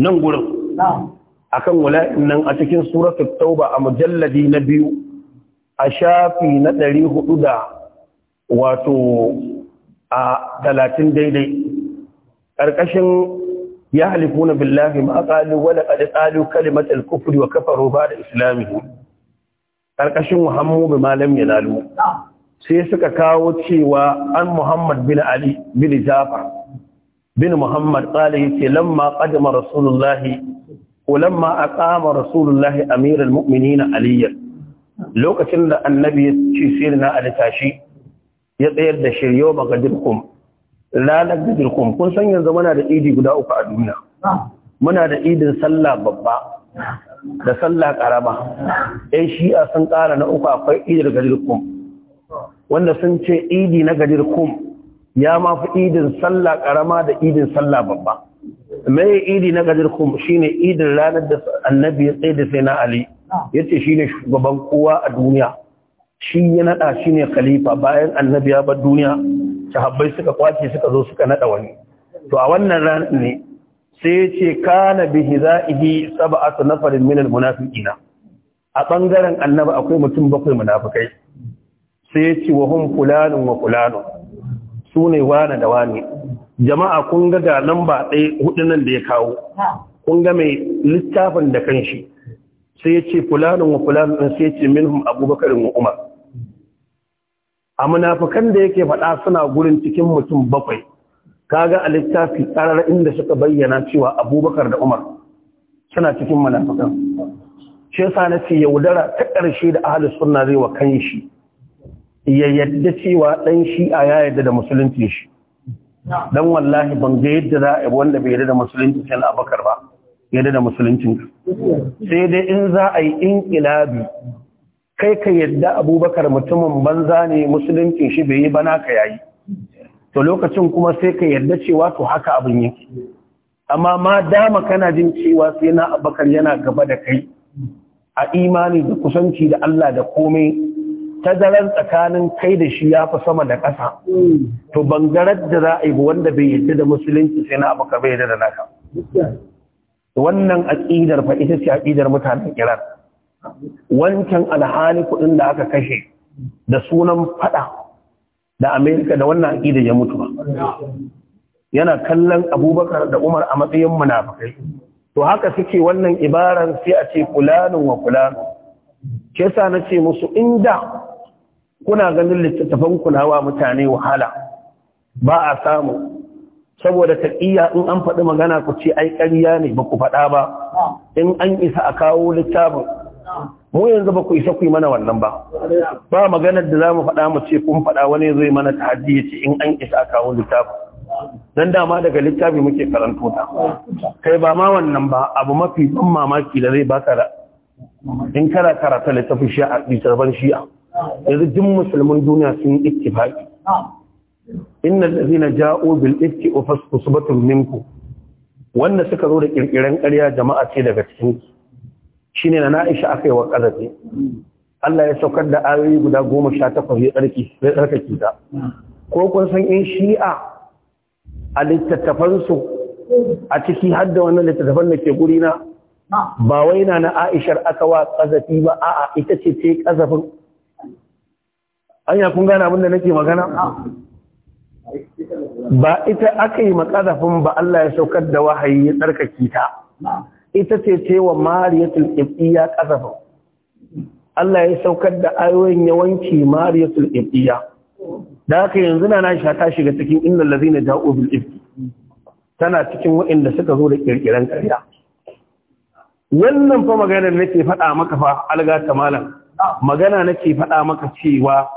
nan gurin wala'in nan a cikin suratul tauba a mujalladi na biyu a shafi na ɗari hudu da wato a talatin daidai ƙarƙashin ya na billahi ma ƙalu wala ƙalu kalimatar kufuri wa kafaru roba da islamihi ƙarƙashin muhammu bi malam yanalu sai suka kawo cewa an muhammad bin ali bin jafar bin muhammad qala yace lamma qadama rasulullahi ولما أقام رسول الله أمير المؤمنين عليا lokacin da annabi ya ci sirna a tashi ya tsayar da shiryo ga dirkum lalar da dirkum kun san yanzu muna da idi guda uku a duniya muna da idin sallah babba da sallah karama shi shi'a sun ƙara na uku akwai idir gadir kum wanda sun ce idi na gadir ya ma fi idin sallah karama da idin sallah babba mai idi na gadir kum shine idin ranar da annabi ya tsaye da sai na ali yace shine shugaban kowa a duniya shi ya nada shine khalifa bayan annabi ya bar duniya sahabbai suka kwace suka zo suka naɗa wani to a wannan ranar ne sai ce kana bi hizaihi sab'atu nafarin min munafiqina a bangaren annabi akwai mutum bakwai munafikai sai ce wa hum fulanun wa fulanun sune wani da wani jama'a kun ga ga lamba ɗaya hudu nan da ya kawo kun ga mai littafin da kanshi sai ya ce fulanin wa fulanun sai ya ce minhum Abubakar wa umar a munafukan da yake faɗa suna gurin cikin mutum bakwai kaga a littafi karar inda suka bayyana cewa abubakar da umar suna cikin munafikan shi yasa na ce yaudara ta ƙarshe da ahalus suna zai wa kan shi. ya yadda cewa ɗan a ya yadda da musulunci shi dan wallahi ban ga yadda za a wanda bai yadda da musulunci sai na abakar ba yadda da musulunci sai dai in za a yi inkilabi kai ka yadda abubakar mutumin banza ne musulunci shi bai yi bana ka yayi to lokacin kuma sai ka yarda cewa to haka abin yake amma ma dama kana jin cewa sai na abakar yana gaba da kai a imani da kusanci da Allah da komai tazaran tsakanin kai da shi ya fi sama da ƙasa to garar da za a yi wanda bai yarda da musulunci sai na abakar bai yarda da naka wannan aƙidar fa ita ce aƙidar mutanen Iran wancan alhali kuɗin da aka kashe da sunan faɗa da amerika da wannan aƙida ya mutu ba yana kallon abubakar da umar a matsayin munafukai to haka suke wannan ibaran sai a ce kulanin wa fulanu ke sa na ce musu inda kuna ganin littattafan kulawa mutane wahala ba a samu saboda taƙiyya in an faɗi magana ku ce ai ƙarya ne ba ku faɗa ba in an isa a kawo littafin mu yanzu ba ku isa ku yi mana wannan ba ba maganar da za mu faɗa mu ce kun faɗa wani zai mana tahaddi ya ce in an isa a kawo littafi dan dama daga littafi muke karanto ta kai ba ma wannan ba abu mafi ban mamaki da zai baka da in kana karata littafin shi'a littafin shi'a yanzu duk musulmin duniya sun yi ittifaqi inna allazina ja'u bil ifki wa subatun minku wanda suka zo da kirkiran ƙarya jama'a ce daga cikin ne na Aisha aka yi wa ƙarfi Allah ya saukar da ayoyi guda goma sha takwas ya tsarkake ta ko kun san in shi'a a littattafansu a ciki har da wannan littattafan da ke guri na ba wai na na Aishar aka wa ƙazafi ba a'a ita ce ta yi ƙazafin anya kun gane abin da nake magana ba ita aka yi ma ƙazafin ba Allah ya saukar da wahayi ya tsarkake ta ita ce cewa mariyatul ibiya kazafa Allah ya saukar da ayoyin yawanci mariyatul ibiya da haka yanzu na na ta shiga cikin innal ladhina ja'u bil ifki tana cikin waɗanda suka zo da kirkiran karya. wannan fa maganar nake faɗa maka fa alga malam magana nake faɗa maka cewa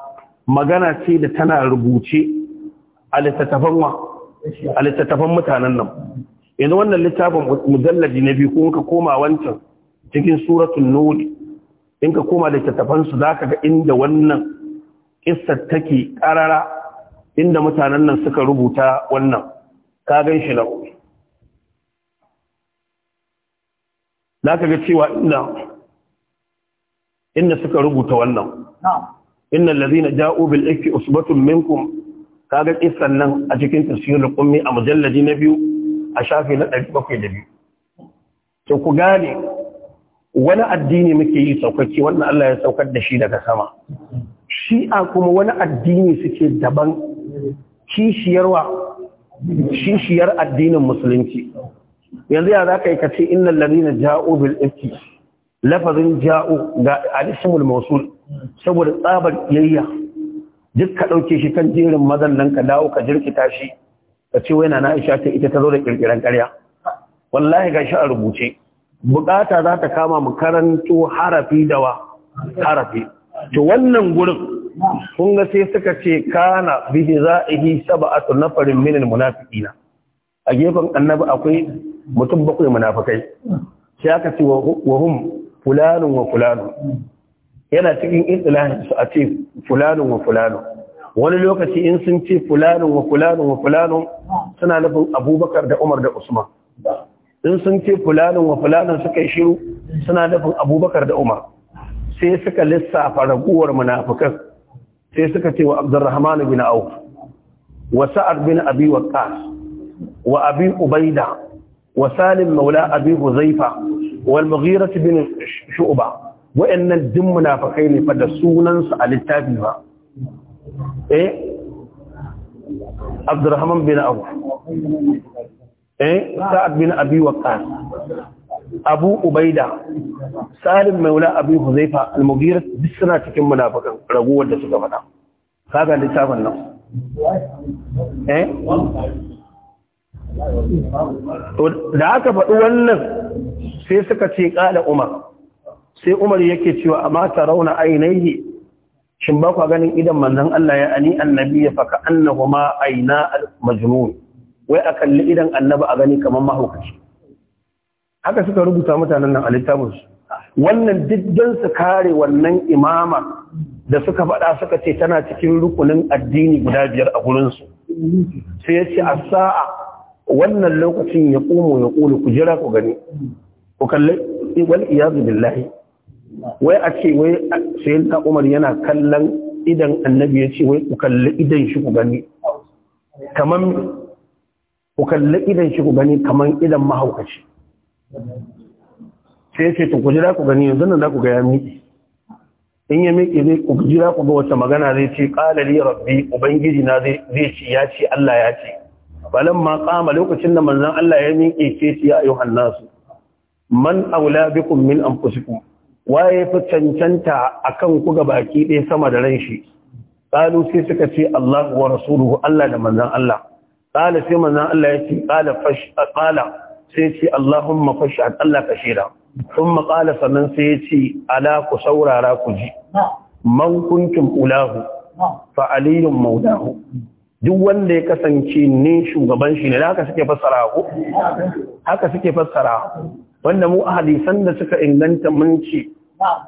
magana ce da tana rubuce a littattafan wa a mutanen nan yanzu wannan littafin mujalladi na biyu ko ka koma wancan cikin suratul nur in ka koma littattafan su zaka ga inda wannan kissar take karara inda mutanen nan suka rubuta wannan ka gan shi lahu zaka ga cewa inda inda suka rubuta wannan innal ladina ja'u bil ikki usbatun minkum kaga kissan nan a cikin tafsirul qummi a mujalladi na biyu a shafi na 702 to ku gane wani addini muke yi saukaki wannan Allah ya saukar da shi daga sama shi'a kuma wani addini suke daban kishiyarwa kishiyar addinin musulunci yanzu ya za ka yi ka ce inna larina ja'o bil ifki lafazin ja'o ga alisimul mausul saboda tsabar iyayya duk ka ɗauke shi kan jerin mazan nan ka dawo ka jirkita shi ka ce wai na Aisha ce ita ta zo da kirkiran ƙarya wallahi shi a rubuce bukata za ta kama mu karanto harafi da wa harafi to wannan gurin kun ga sai suka ce kana bihi za'ihi sab'atu nafarin minal munafiqina a gefen annabi akwai mutum bakwai munafikai sai aka ce wa hum fulanun wa fulanun yana cikin istilahin su a ce fulanun wa fulanun wani lokaci in sun ce fulanin wa fulanin wa fulanin suna nufin abubakar da umar da usman in sun ce fulanin wa fulanin suka yi shiru suna nufin abubakar da umar sai suka lissafa raguwar munafukan sai suka ce wa abdurrahman bin auf wa sa'ad bin abi waqqas wa abi ubaida wa salim maula abi huzaifa wal mughirah bin shu'ba wa'annan duk munafikai ne fa da sunan su a littafi ba eh abdurrahman bin abu eh sa'ad bin abi waqqas abu ubaida salim maula abi huzaifa al-mughira duk suna cikin munafikan raguwar da suka faɗa kaga littafin nan eh da aka faɗi wannan sai suka ce ƙala umar sai umar yake cewa amma ta rauna ainihi shin ba ku ganin idan manzon Allah ya ani annabi ya faka annahuma aina majnun wai a kalli idan annabi a gani kamar mahaukaci haka suka rubuta mutanen nan a littafin wannan diddan su kare wannan imama da suka faɗa suka ce tana cikin rukunin addini guda biyar a gurin su sai ya ce a sa'a wannan lokacin ya ƙomo ya ƙulu ku jira ku gani ku kalli wal iyazu billahi wai a ce wai sayin na umar yana kallon idan annabi ya ce wai ku kalli idan shi ku gani kamar ku kalli idan shi ku gani kamar idan mahaukaci sai ce to ku jira ku gani yanzu nan za ku ga ya miƙe in ya miƙe zai ku jira ku ga wata magana zai ce qala li rabbi ubangiji na zai ce ya ce Allah ya ce ma ƙama lokacin da manzon Allah ya miƙe ce ya ayyuhan nasu man aula bikum min anfusikum waye fi cancanta akan ku ga baki ɗaya sama da ran shi qalu sai suka ce Allah wa rasuluhu Allah da manzan Allah qala sai manzan Allah ya ce qala fash ƙala sai ce Allahumma fashhad Allah ka shira. thumma qala sannan sai ya ce ala ku saurara ku ji man kuntum ulahu fa aliyun maulahu duk wanda ya kasance ne shugaban shi ne da haka suke fassara ku? haka suke fassara wanda mu a hadisan da suka inganta mun ce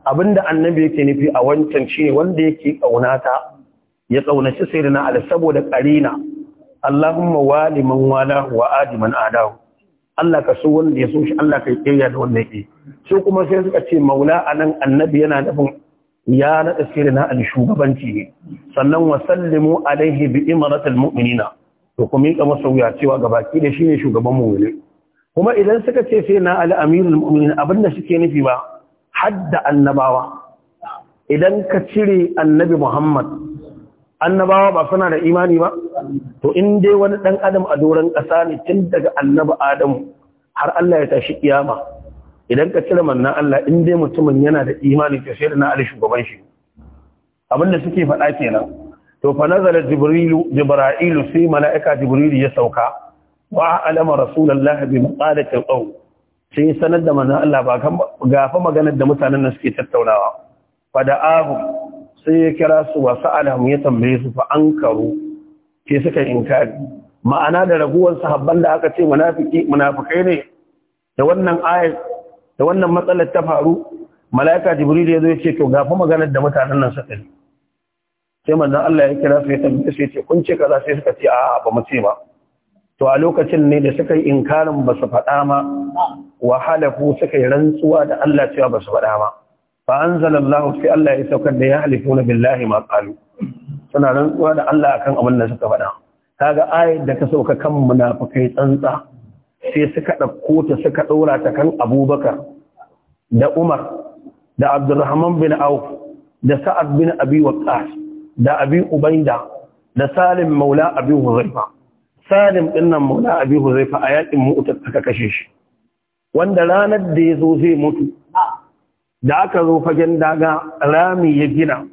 abinda annabi yake nufi a wancan shine wanda yake kaunata ya kaunaci sayyidina ali saboda karina Allahumma wali man wala wa adi man adahu Allah ka so wanda ya so shi Allah ka kiyaye da wanda yake so kuma sai suka ce maula anan annabi yana nufin ya nada sayyidina ali shugabanci ne sannan wa sallimu alaihi bi imratil mu'minina to kuma yi kamar sauya cewa gabaki da shine shugaban mu ne kuma idan suka ce sai na ali amirul mu'minin abinda suke nufi ba hadda annabawa idan ka cire annabi Muhammad annabawa ba suna da imani ba to in dai wani dan adam a doron ƙasa ne tun daga annabi Adamu har Allah ya tashi kiyama idan ka cire mannan Allah in dai mutumin yana da imani to sai da na Ali shugaban shi abinda suke faɗa kenan to fa nazala jibrilu jibra'ilu sai mala'ika jibrilu ya sauka wa alama rasulullahi bi maqalatil qawl sai ya sanar da manzan Allah ba kan gafa maganar da mutanen nan suke tattaunawa fa da ahu sai ya kira su wa sa'alahum ya tambaye su fa ankaru ke suka inkari ma'ana da raguwar sahabban da aka ce munafiki munafikai ne da wannan ayat da wannan matsalar ta faru mala'ika jibril ya zo ya ce to gafa maganar da mutanen nan suka yi sai manzan Allah ya kira su ya tambaye su ya ce kun ce kaza sai suka ce a'a ba mu ce ba to a lokacin ne da suka yi inkarin ba su faɗa ma wahalafu suka yi rantsuwa da Allah cewa ba su faɗa ma fa anzalallahu fi Allah ya saukar da ya halifuna billahi ma qalu suna rantsuwa da Allah akan abin da suka faɗa kaga ayat da ka sauka kan munafikai tsantsa sai suka ɗauko ta suka ɗora ta kan Abubakar da Umar da Abdurrahman bin Auf da Sa'ad bin Abi Waqqas da Abi Ubaida da Salim Maula Abi Huzaifa salim ɗinnan nan maula abi huzaifa a yakin mu'ta aka kashe shi wanda ranar da ya zo zai mutu da aka zo fagen daga rami ya gina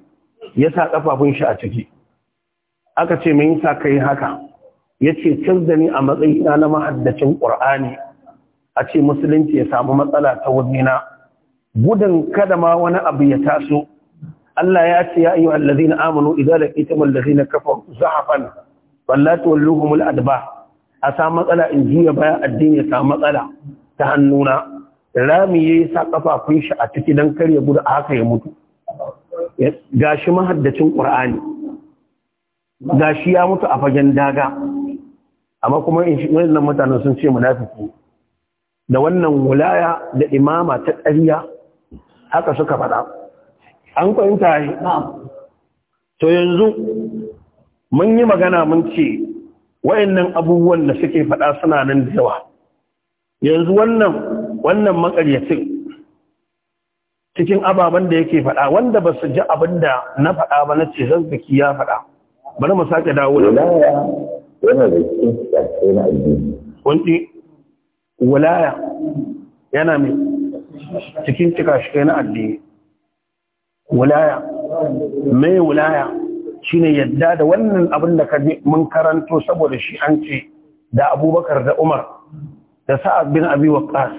ya sa kafafun shi a ciki aka ce mai yasa kai haka yace cin da ni a matsayina na mahaddacin ƙur'ani a ce musulunci ya samu matsala ta wajena gudun kada ma wani abu ya taso Allah ya ce ya ayyuhal ladina amanu idza laqitumul ladina kafaru zahafan walla tuwalluhumul adba a sa matsala in ya baya addini ya sa matsala ta hannuna rami yayi sa kafafun shi a ciki dan kar ya gudu a haka ya mutu gashi mahaddacin qur'ani gashi ya mutu a fagen daga amma kuma in wannan mutanen sun ce munafiki da wannan wulaya da imama ta ƙarya haka suka faɗa an kwanta yi to yanzu mun yi magana mun ce wayannan abubuwan da suke faɗa suna nan da yawa yanzu wannan wannan makaryacin cikin ababen da yake faɗa wanda ba su ji abin da na faɗa ba na ce zan zaki ya faɗa bari mu sake dawo da yana da cikin sashe na addini wani wulaya yana mai cikin cika shi na addini wulaya mai wulaya shine yadda da wannan abin da ka mun karanto saboda shi an ce da abubakar da umar da sa'ad bin abi waqas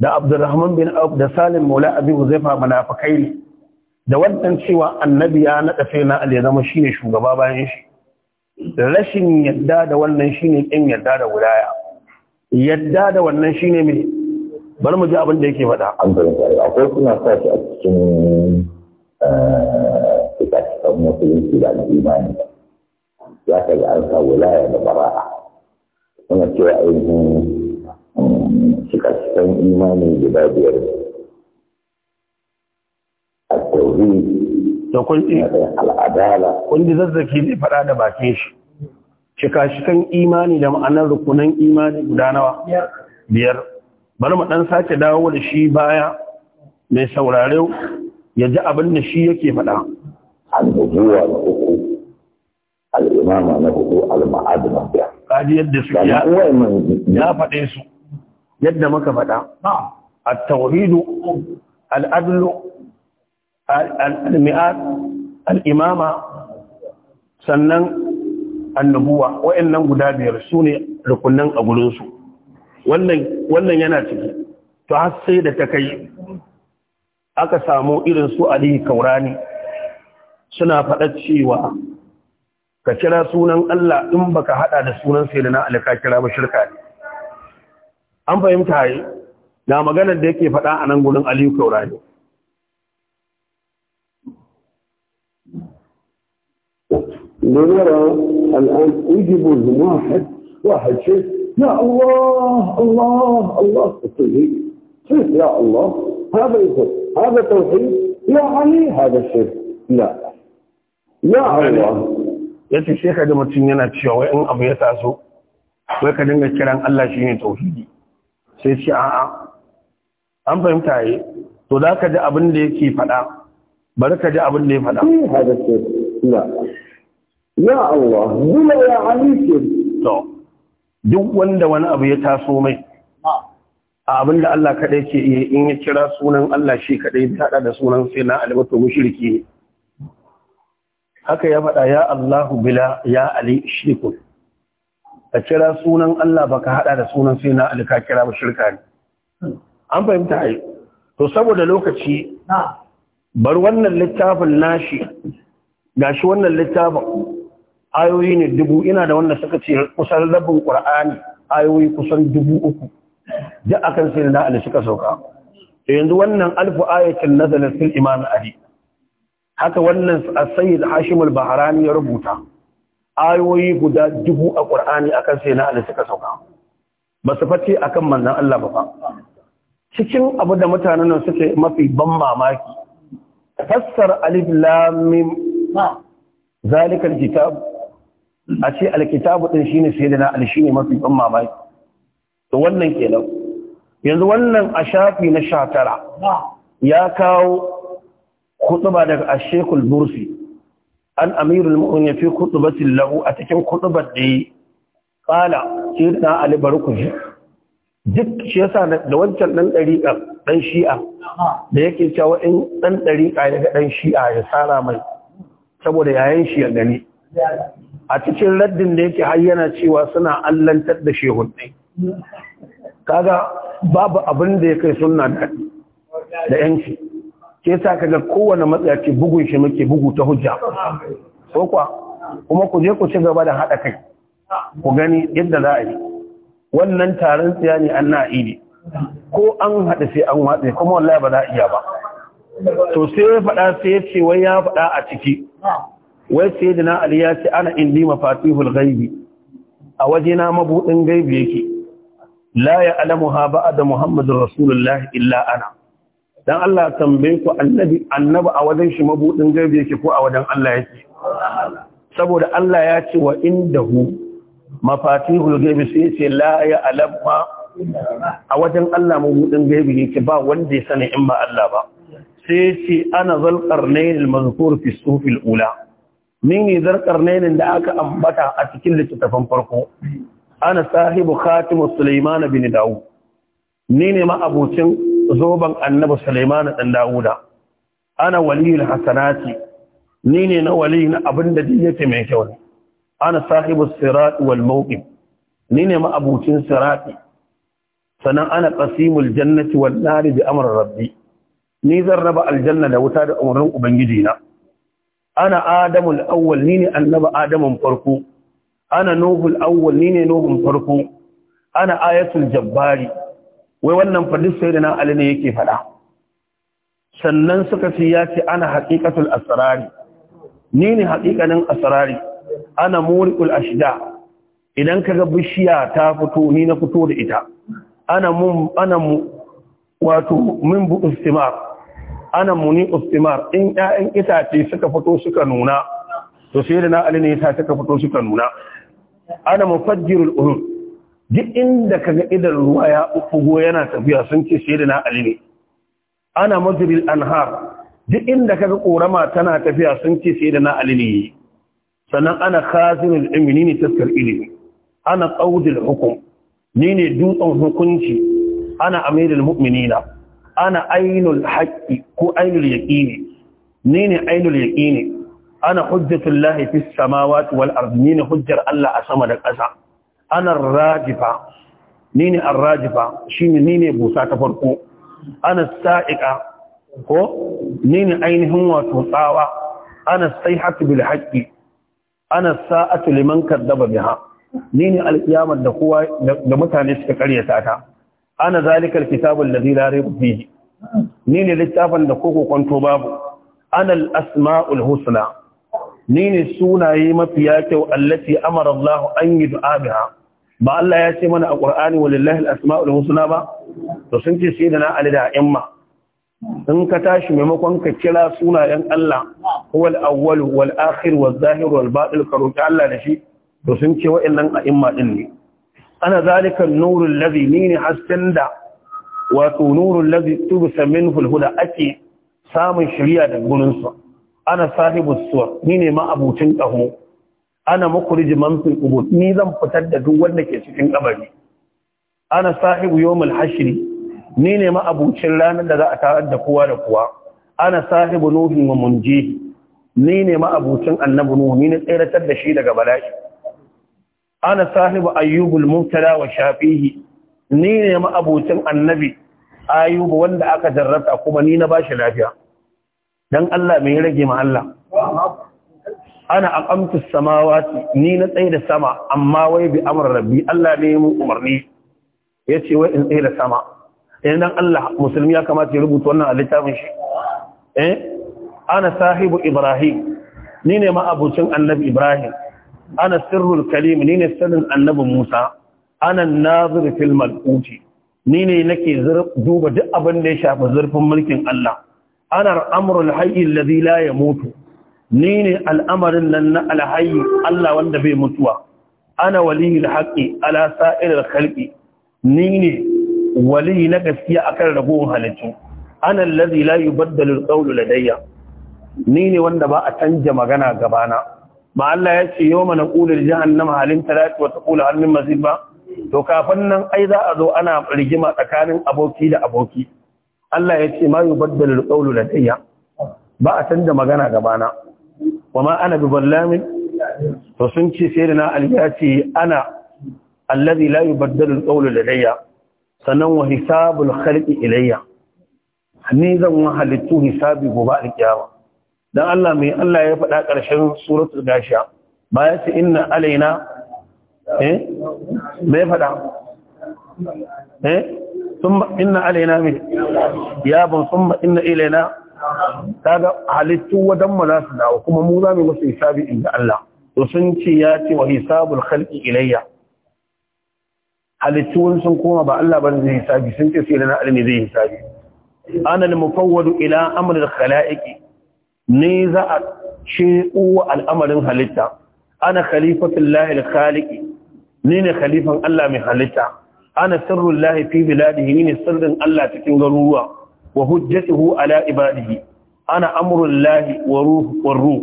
da abdurrahman bin auf da salim maula abi huzaifa munafikai ne da wannan cewa annabi ya nada sai na ali zama shine shugaba bayan shi rashin yadda da wannan shine kin yadda da wulaya yadda da wannan shine me bar mu ji abin da yake faɗa an zai akwai suna sa shi a cikin eh, shari'ar musulunci ba na imani ba za ka ga an sa wilaya da a, suna cewa ainihin shikashikan mm, imani guda biyar a tauhi da kulɗi al'adala kundi zazzaki zai faɗa da bakin shi shikashikan imani da ma'anar rukunan imani guda nawa biyar bari mu ɗan sake dawo da shi baya mai saurare ya ji abin da shi yake faɗa annubuwa na uku al'imama na hudu al-ma'ad na biyar kaji yadda su ya faɗe su yadda muka faɗa A tawhidu al-adl Al'imama sannan al wa'in sannan annubuwa guda biyar su ne rukunan a gudunsu. wannan yana ciki to har sai da ta kai aka samu irin su alihi kaurani suna faɗa cewa ka kira sunan Allah in baka hada da sunan sai da na alaka kira ba shirka ne an fahimta yi na maganar da yake faɗa a nan gudun aliyu kaura ne الآن يجب واحد واحد شيء يا الله الله الله التوحيد شوف يا الله هذا يقول هذا توحيد يا علي هذا الشرك لا yawwa ya ce sai ka ga mutum yana cewa wai in abu ya taso wai ka dinga kiran Allah shi ne tauhidi sai ce a'a an fahimta yi to za ka ji abin da yake faɗa bari ka ji abin da ya faɗa ya Allah bula ya halittar to duk wanda wani abu ya taso mai a abin da Allah kaɗai ke iya in ya kira sunan Allah shi kaɗai ta da sunan sai na alibata mushriki ne haka ya faɗa ya Allahu bila ya Ali shirkun ka kira sunan Allah baka haɗa da sunan sai na Ali ka kira ba shirka ne an fahimta ai to saboda lokaci bar wannan littafin nashi gashi wannan littafin ayoyi ne dubu ina da wannan suka ce kusan rabin ƙur'ani ayoyi kusan dubu uku da akan sai na Ali suka sauka to yanzu wannan alfu ayatin nazalat fil imam Ali haka wannan sayyid hashim al-bahrani ya rubuta ayoyi guda dubu a qur'ani akan sai na Allah suka sauka ba su fice akan manzon Allah ba cikin abu da mutanen nan suke mafi ban mamaki fassar alif lam mim zalika al a ce al-kitab din shine sayyidina Ali shine mafi ban mamaki to wannan kenan yanzu wannan a shafi na 19 ya kawo kutuba daga ashekul bursi an amirul mu'min fi kutubati lahu a cikin kutubar da yi qala sayyidina ali barkuji duk shi yasa da wancan dan dariqa dan shi'a da yake cewa in dan dariqa daga ɗan dan shi'a ya sara mai saboda yayin shi ya gani a cikin raddin da yake har yana cewa suna allantar da shehun dai kaga babu abin da ya kai sunna da yanci ke sa kaga kowane matsayaci bugun shi muke bugu ta hujja ko kuwa kuma ku je ku ci gaba da haɗa kai ku gani yadda za a yi wannan taron tsiya ne an ne ko an haɗa sai an watsa kuma wallahi ba za a iya ba to sai ya faɗa sai ya ce wai ya faɗa a ciki wai sai da na ali ya ce ana indi mafatihul gaibi a wajena mabuɗin gaibi yake la ya alamu ha ba'a da Muhammadu rasulullahi illa ana dan Allah tambaye ku annabi annabi a wajen shi mabudin gaibi yake ko a wajen Allah yake saboda Allah ya ce wa indahu mafatihul gaibi sai ce la ya alamma a wajen Allah mabudin gaibi yake ba wanda ya sani in ba Allah ba sai ce ana zal qarnayn al mazkur fi sufi al ula min ne zar qarnayn da aka ambata a cikin littafin farko ana sahibu khatim Sulaiman bin Dawud ni ne ma'abucin zoban annabi Suleiman dan Dawuda ana waliyul hasanati ni ne na wali na abin da yake mai kyau ana sahibus sirat wal mawqif ni ne ma'abucin sirati sannan ana qasimul jannati wan nar bi amr rabbi ni zan raba aljanna da wuta da umarnin ubangiji na ana adamul awwal ni ne annabi adamun farko ana nuhul awwal ni ne nuhun farko ana ayatul jabbari wai wannan fadis sai da na ali ne yake faɗa sannan suka ce ya ce ana haƙiƙatul asrari ni ne haƙiƙanin asrari ana muriqul ashida idan kaga bishiya ta fito ni na fito da ita ana mun ana mu wato min bu istimar ana muni istimar in ƴaƴan itace suka fito suka nuna to sai da na ali ne ya sa suka fito suka nuna ana mufajjirul urud duk inda ka ga idan ruwa ya uffugo yana tafiya sun ce sai da na ne ana majril anhar duk inda ka ga korama tana tafiya sun ce sai da na ne sannan ana khazinul ilmi ne taskar ilimi ana qaudul hukum ni ne dutsen hukunci ana amirul mu'minina ana ainul haqqi ko ainul yaqini ni ne ainul yaqini ana hujjatul lahi fis samawati wal ardi ni ne hujjar Allah a sama da ƙasa ana rajifa ni ne an rajifa shi ne ni ne busa ta farko ana sa'iƙa ko ni ne ainihin wato tsawa ana sai hatu bil haƙƙi ana sa'atu liman kaddaba biha ni ne alƙiyamar da kowa da mutane suka karyata ta ana zalikar kitabun ladhi la rayba fihi ni ne littafin da koko kwanto babu ana al-asma'ul husna ni ne sunaye mafiya kyau allati amara Allah an yi du'a biha ba Allah ya ce mana a Qur'ani walillahi al-asma'ul husna ba to sun ce sai da na ali da imma in ka tashi maimakon ka kira sunayen Allah huwal awwal wal akhir wal zahir wal batin ka roki Allah da shi to sun ce a a'imma din ne ana zalika nurul ladhi nini hasken da wato nurul lazi tubsa minhu huda ake samun shiriya da gurin ana sahibu suwar ni ne ma abucin kaho ana mukhrij man fil ni zan fitar da duk wanda ke cikin kabari ana sahibu yawmul Hashiri ni ne ma abucin ranar da za a tarar da kowa da kowa ana sahibu Nuhi wa munji ni ne ma abucin annabi nuhu ni ne tsiratar da shi daga bala'i ana sahibu ayyubul mubtala wa shafihi ni ne ma abucin annabi ayyubu wanda aka jarrata kuma ni na bashi lafiya dan Allah mai rage ma Allah ana aqamtu samawati ni na tsaye da sama amma wai bi amr rabbi Allah ne mu umarni ce wai in tsaye da sama idan eh, Allah musulmi ya kamata ya rubuta wannan a littafin shi eh ana sahibu ibrahim ni ne ma annabi ibrahim ana sirrul kalim ni ne sirrin annabi musa ana nazir fil malquti ni ne nake duba duk abin da ya shafi zurfin mulkin Allah ana amrul hayy alladhi la yamutu ni ne al'amarin nan na alhayi Allah wanda bai mutuwa ana waliyul haqqi ala sa'iril khalqi ni ne wali na gaskiya a kan ragowar halittu ana allazi la yubaddalu alqawlu ladayya ni ne wanda ba a canja magana gabana ma Allah ya ce yawma naqulu jahannama halin talati wa taqulu hal min mazid ba to kafin nan ai za a zo ana rigima tsakanin aboki da aboki Allah ya ce ma yi yubaddalu alqawlu ladayya ba a canja magana gabana wa ana bi ballamin to sun ce sai da na aliya ce ana allazi la yubaddalu al-qawlu ladayya sanan wa hisabul khalqi ilayya ni zan wa halittu hisabi gobe al-qiyama dan Allah mai Allah ya faɗa ƙarshen suratul gashiya ba ya ce inna alaina eh me faɗa eh ثم إن علينا من يابا ثم إن إلينا kaga halittu wadan mu za su dawo kuma mu za mu musu hisabi inda Allah to sun ce ya ce wa hisabul khalqi ilayya halittu sun koma ba Allah bane zai hisabi sun ce sai na alimi zai hisabi ana al mufawwadu ila amri al khalaiqi ni za a ce uwa al'amarin halitta ana khalifatul lahi al khaliqi ni ne khalifan Allah mai halitta ana sirrul lahi fi biladihi ni ne sirrin Allah cikin garuruwa wa hujjatuhu ala ibadihi ana amrul lahi wa ruhu war ruh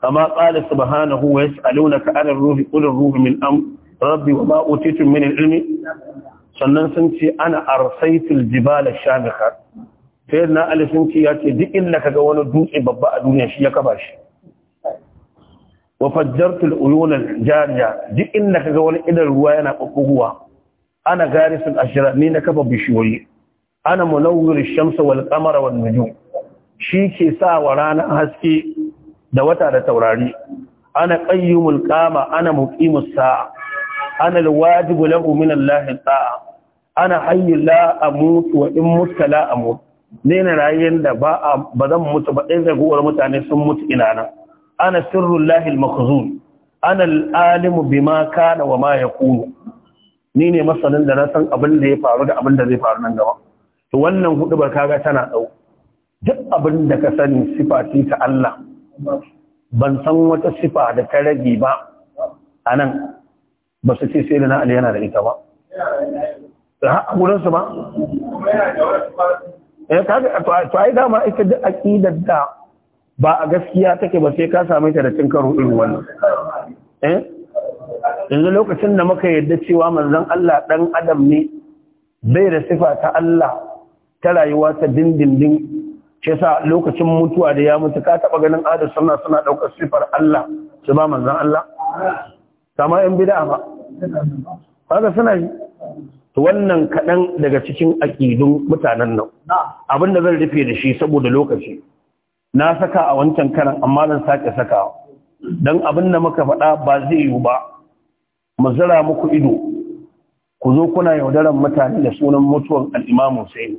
kama qala subhanahu wa yas'alunaka ala ruhi qul ruhu min am rabbi ilmi sannan sun ce ana arsaitul jibala shamikha sai na ali sun ce ya ce duk inda kaga wani dutse babba a duniya shi ya kaba shi wa fajjartul uyunal jariya duk inda kaga wani idan ruwa yana kokkuwa ana garisul ashira ni na kafa bishiyoyi ana munawwir shamsa wal qamara wan nujum shi ke sa wa rana haske da wata da taurari ana qayyimul qama ana muqimus sa'a ana alwajibu lahu min Allah sa'a. ana hayy la amut wa in mutta la amut ne na rayuwar da ba ba zan mutu ba zai zagowar mutane sun mutu ina nan ana sirrul lahil makhzun ana al'alimu bima kana wa ma yaqulu ni ne masanin da na san abin da ya faru da abin da zai faru nan gaba to wannan hudubar kaga tana dau duk abin da ka sani sifa ce ta Allah ban san wata sifa da ta rage ba anan ba su ce sai da na Ali yana da ita ba ha gurin su ba eh kaga to ai dama ita duk aqidar da ba a gaskiya take ba sai ka same ta da cin karo irin wannan eh yanzu lokacin da muka yarda cewa manzon Allah dan adam ne bai da sifa ta Allah ta rayuwa ta dindindin shi sa lokacin mutuwa da ya mutu ka taba ganin adar suna suna ɗaukar sifar Allah su ba manzan Allah Sama yan bid'a ba kaga suna yi wannan kadan daga cikin aƙidun mutanen nan abinda zan rufe da shi saboda lokaci na saka a wancan karan amma zan sake sakawa don abin da muka faɗa ba zai yiwu ba mu zira muku ido ku zo kuna yaudaran mutane da sunan mutuwan al'imamu sai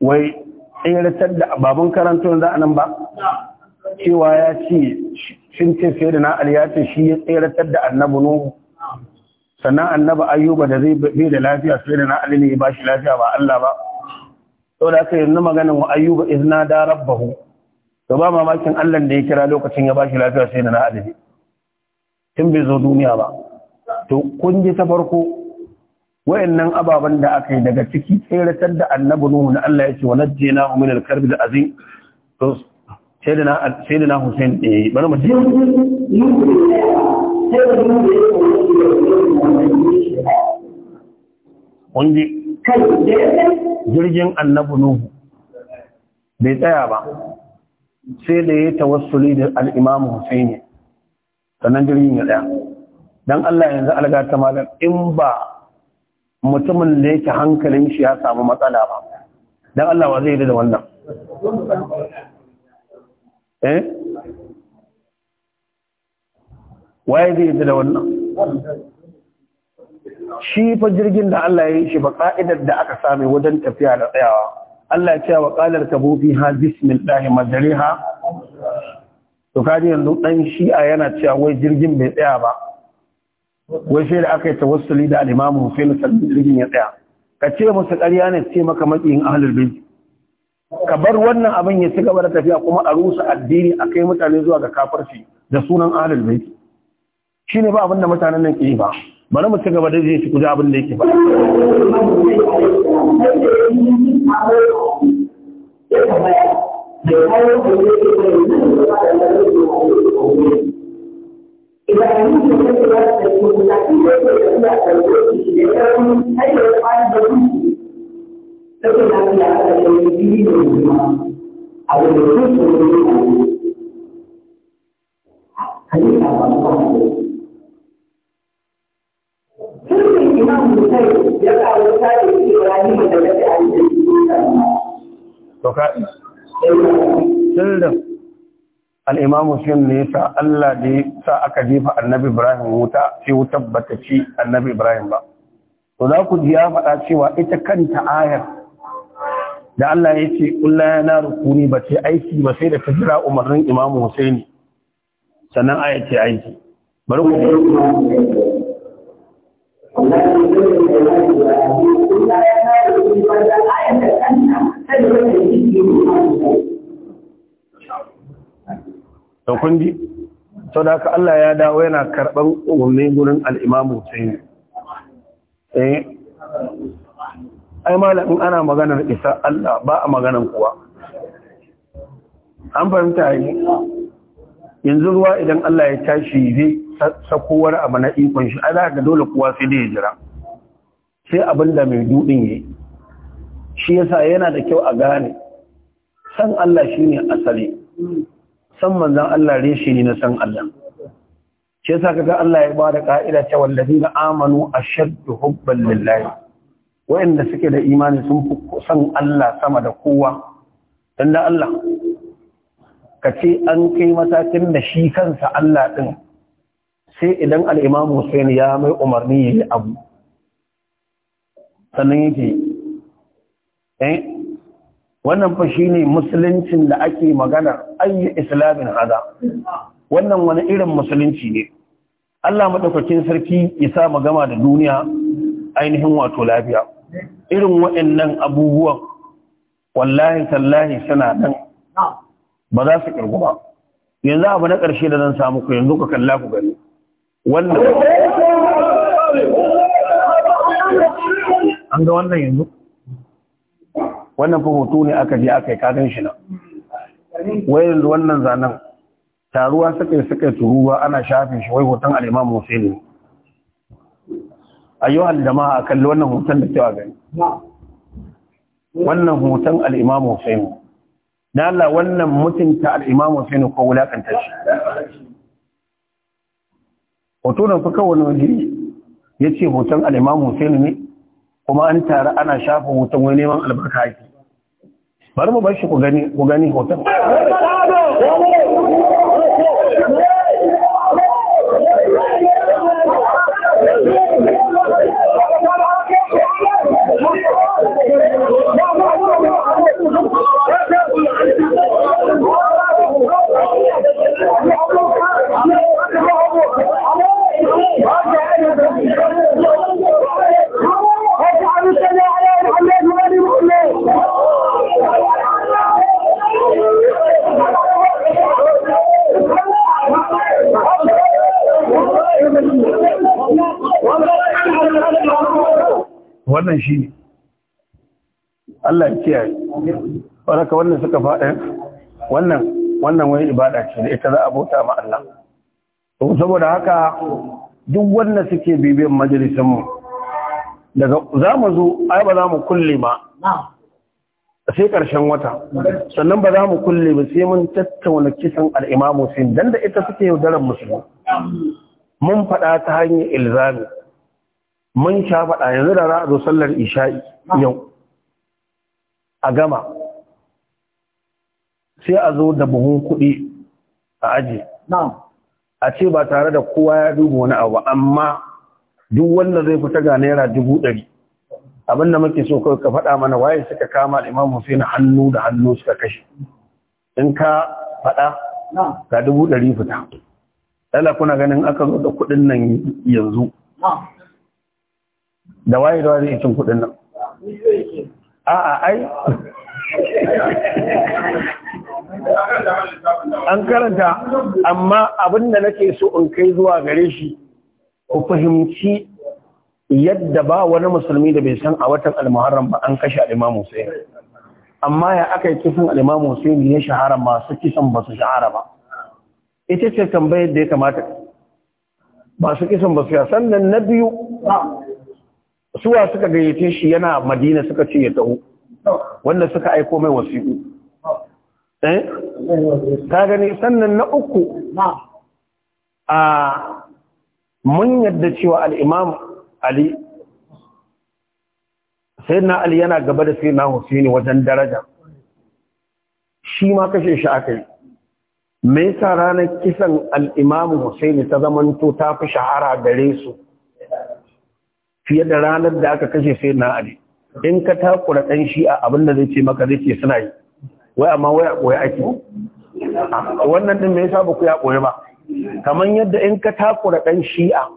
wai tseratar da babun karanto yanzu a nan ba cewa ya ce shin ce sai da na ce shi ya tseratar da annabu nuhu sannan annaba ayyuba da zai bai da lafiya sai da na ne ya bashi lafiya ba Allah ba da haka yi maganin wa ayyuba izna da rabbahu to ba mamakin Allah da ya kira lokacin ya bashi lafiya sai da na ali tun bai zo duniya ba to kun ji ta farko wayannan ababen da aka yi daga ciki tseratar da annabu nuhu na Allah ya ce wa najjina min al-karbi da azim to da na Hussein eh bari mu ce wanda jirgin annabu nuhu bai tsaya ba sai da ya tawassuli da al-imam Hussein sannan jirgin ya tsaya dan Allah yanzu alga ta malam in ba mutumin da yake hankalin shi ya samu matsala ba dan Allah wa zai da wannan eh waye zai da wannan shi fa jirgin da Allah ya yi shi ba ka'idar da aka same wajen tafiya da tsayawa Allah ya ce wa qalar kabu fiha bismillahi majriha to kaji yanzu dan shi'a yana cewa wai jirgin bai tsaya ba wai sai da aka yi tawassuli da al-imamu Hussein sallallahu ya tsaya ka ce musu ƙarya ne ce maka makiyin ahlul bayt ka bar wannan abin ya ci gaba da tafiya kuma a rusa addini a kai mutane zuwa ga kafirci da sunan ahlul bayt shine ba abin da mutanen nan ke ba bari mu ci gaba da zai shiga abin da yake ba Thank you. إذا كنت تقول لك تكون تكون تكون تكون تكون تكون لكن هذه على الجديد والجماعة على الوصول والجماعة خلينا على الله كل الإمام مسيد يقع وسائل إبراهيم التي عن الجديد والجماعة وكائن سلم al'imamu sun ne sa Allah da ya sa aka jefa annabi Ibrahim wuta sai wuta bata ci annabi Ibrahim ba. To za ku ji ya faɗa cewa ita kanta ayar da Allah ya ce ya na rukuni ba ce aiki ba sai da ta jira umarnin Imam Husaini sannan ayar ce aiki. Bari ku Thank you. da kundi sau da haka Allah ya dawo yana karɓar umarni gurin al'imamu sai eh ai malamin ana maganar isa Allah ba a maganar kuwa an fahimta yi yanzu ruwa idan Allah ya tashi zai sakowar abu na ikon shi ala dole kuwa sai da ya jira sai abin da mai dudin yi shi yasa yana da kyau a gane san Allah shine asali san manzan Allah reshe ne na san Allah shi yasa kaga Allah ya bada ka'ida ta na amanu a ashaddu hubban lillahi wa'anda suke da imani sun fi san Allah sama da kowa dan da Allah ce an kai matakin da shi kansa Allah ɗin. sai idan al-Imam Hussein ya mai umarni yayi abu sannan yake eh wannan fa shine musuluncin da ake magana ayyu islamin hada wannan wani irin musulunci ne Allah madaukakin sarki ya sa mu gama da duniya ainihin wato lafiya irin waɗannan abubuwan wallahi tallahi suna nan ba za su kirgu ba yanzu abu na ƙarshe da zan samu ku yanzu ka kalla ku gani wannan an ga wannan yanzu wannan fa hoto ne aka je aka yi kagan shi nan wai yanzu wannan zanen taruwa suka yi suka yi turuwa ana shafin shi wai hoton al'imam Hussein a yau jama'a a kalli wannan hoton da kewa gani wannan hoton al'imam Hussein da Allah wannan mutunta al'imam ne ko wulakanta shi hoto na fi kawo wani waje ya ce hoton al'imam Hussein ne kuma an tare ana shafa hoton wani neman albarka ake bari mu bar shi ku gani ku gani hoton Thank you. wannan shi ne Allah ya kiyaye baraka wannan suka faɗa wannan wannan wani ibada ce da ita za a bauta ma Allah to saboda haka duk wanda suke bibiyan majalisin mu daga za mu zo ai ba za mu kulle ma sai ƙarshen wata sannan ba za mu kulle ba sai mun tattauna kisan al-imamu sin dan da ita suke yaudarar musulmi mun faɗa ta hanyar ilzami mun sha faɗa yanzu da za a zo sallar isha'i yau a gama sai a zo da buhun kuɗi a aji a ce ba tare da kowa ya duba wani abu amma duk wanda zai fita ga naira dubu ɗari abin da muke so kawai ka faɗa mana waye suka kama imam Hussein hannu da hannu suka kashe in ka faɗa ga dubu ɗari fita Dala kuna ganin aka zo da kuɗin nan yanzu. Da waye da waye cin kuɗin nan. A'a ai. An karanta, amma abin da nake so in kai zuwa gare shi, ku fahimci yadda ba wani musulmi da bai san a watan almuharram ba an kashe al'imamu sai. Amma ya aka yi kisan al'imamu sai ya shahara masu kisan ba su shahara ba. ita ce tambayar da ya kamata masu kisan ba su sannan na biyu suwa suka gayyace shi yana madina suka ce ya taho wanda suka aiko mai wasiƙu eh? ka gani sannan na uku a mun yadda cewa al'imam ali sai na ali yana gaba da sai na hussini wajen daraja shi ma kashe shi aka yi me yasa ranar kisan al'imamu Hussaini ta zamanto ta fi shahara gare su fiye da ranar da aka kashe sai na ali in ka takura ɗan shi a abin da zai ce maka zai ce suna yi wai amma wai a ɓoye ake wannan ɗin me yasa ba ku ya ɓoye ba kamar yadda in ka takura ɗan a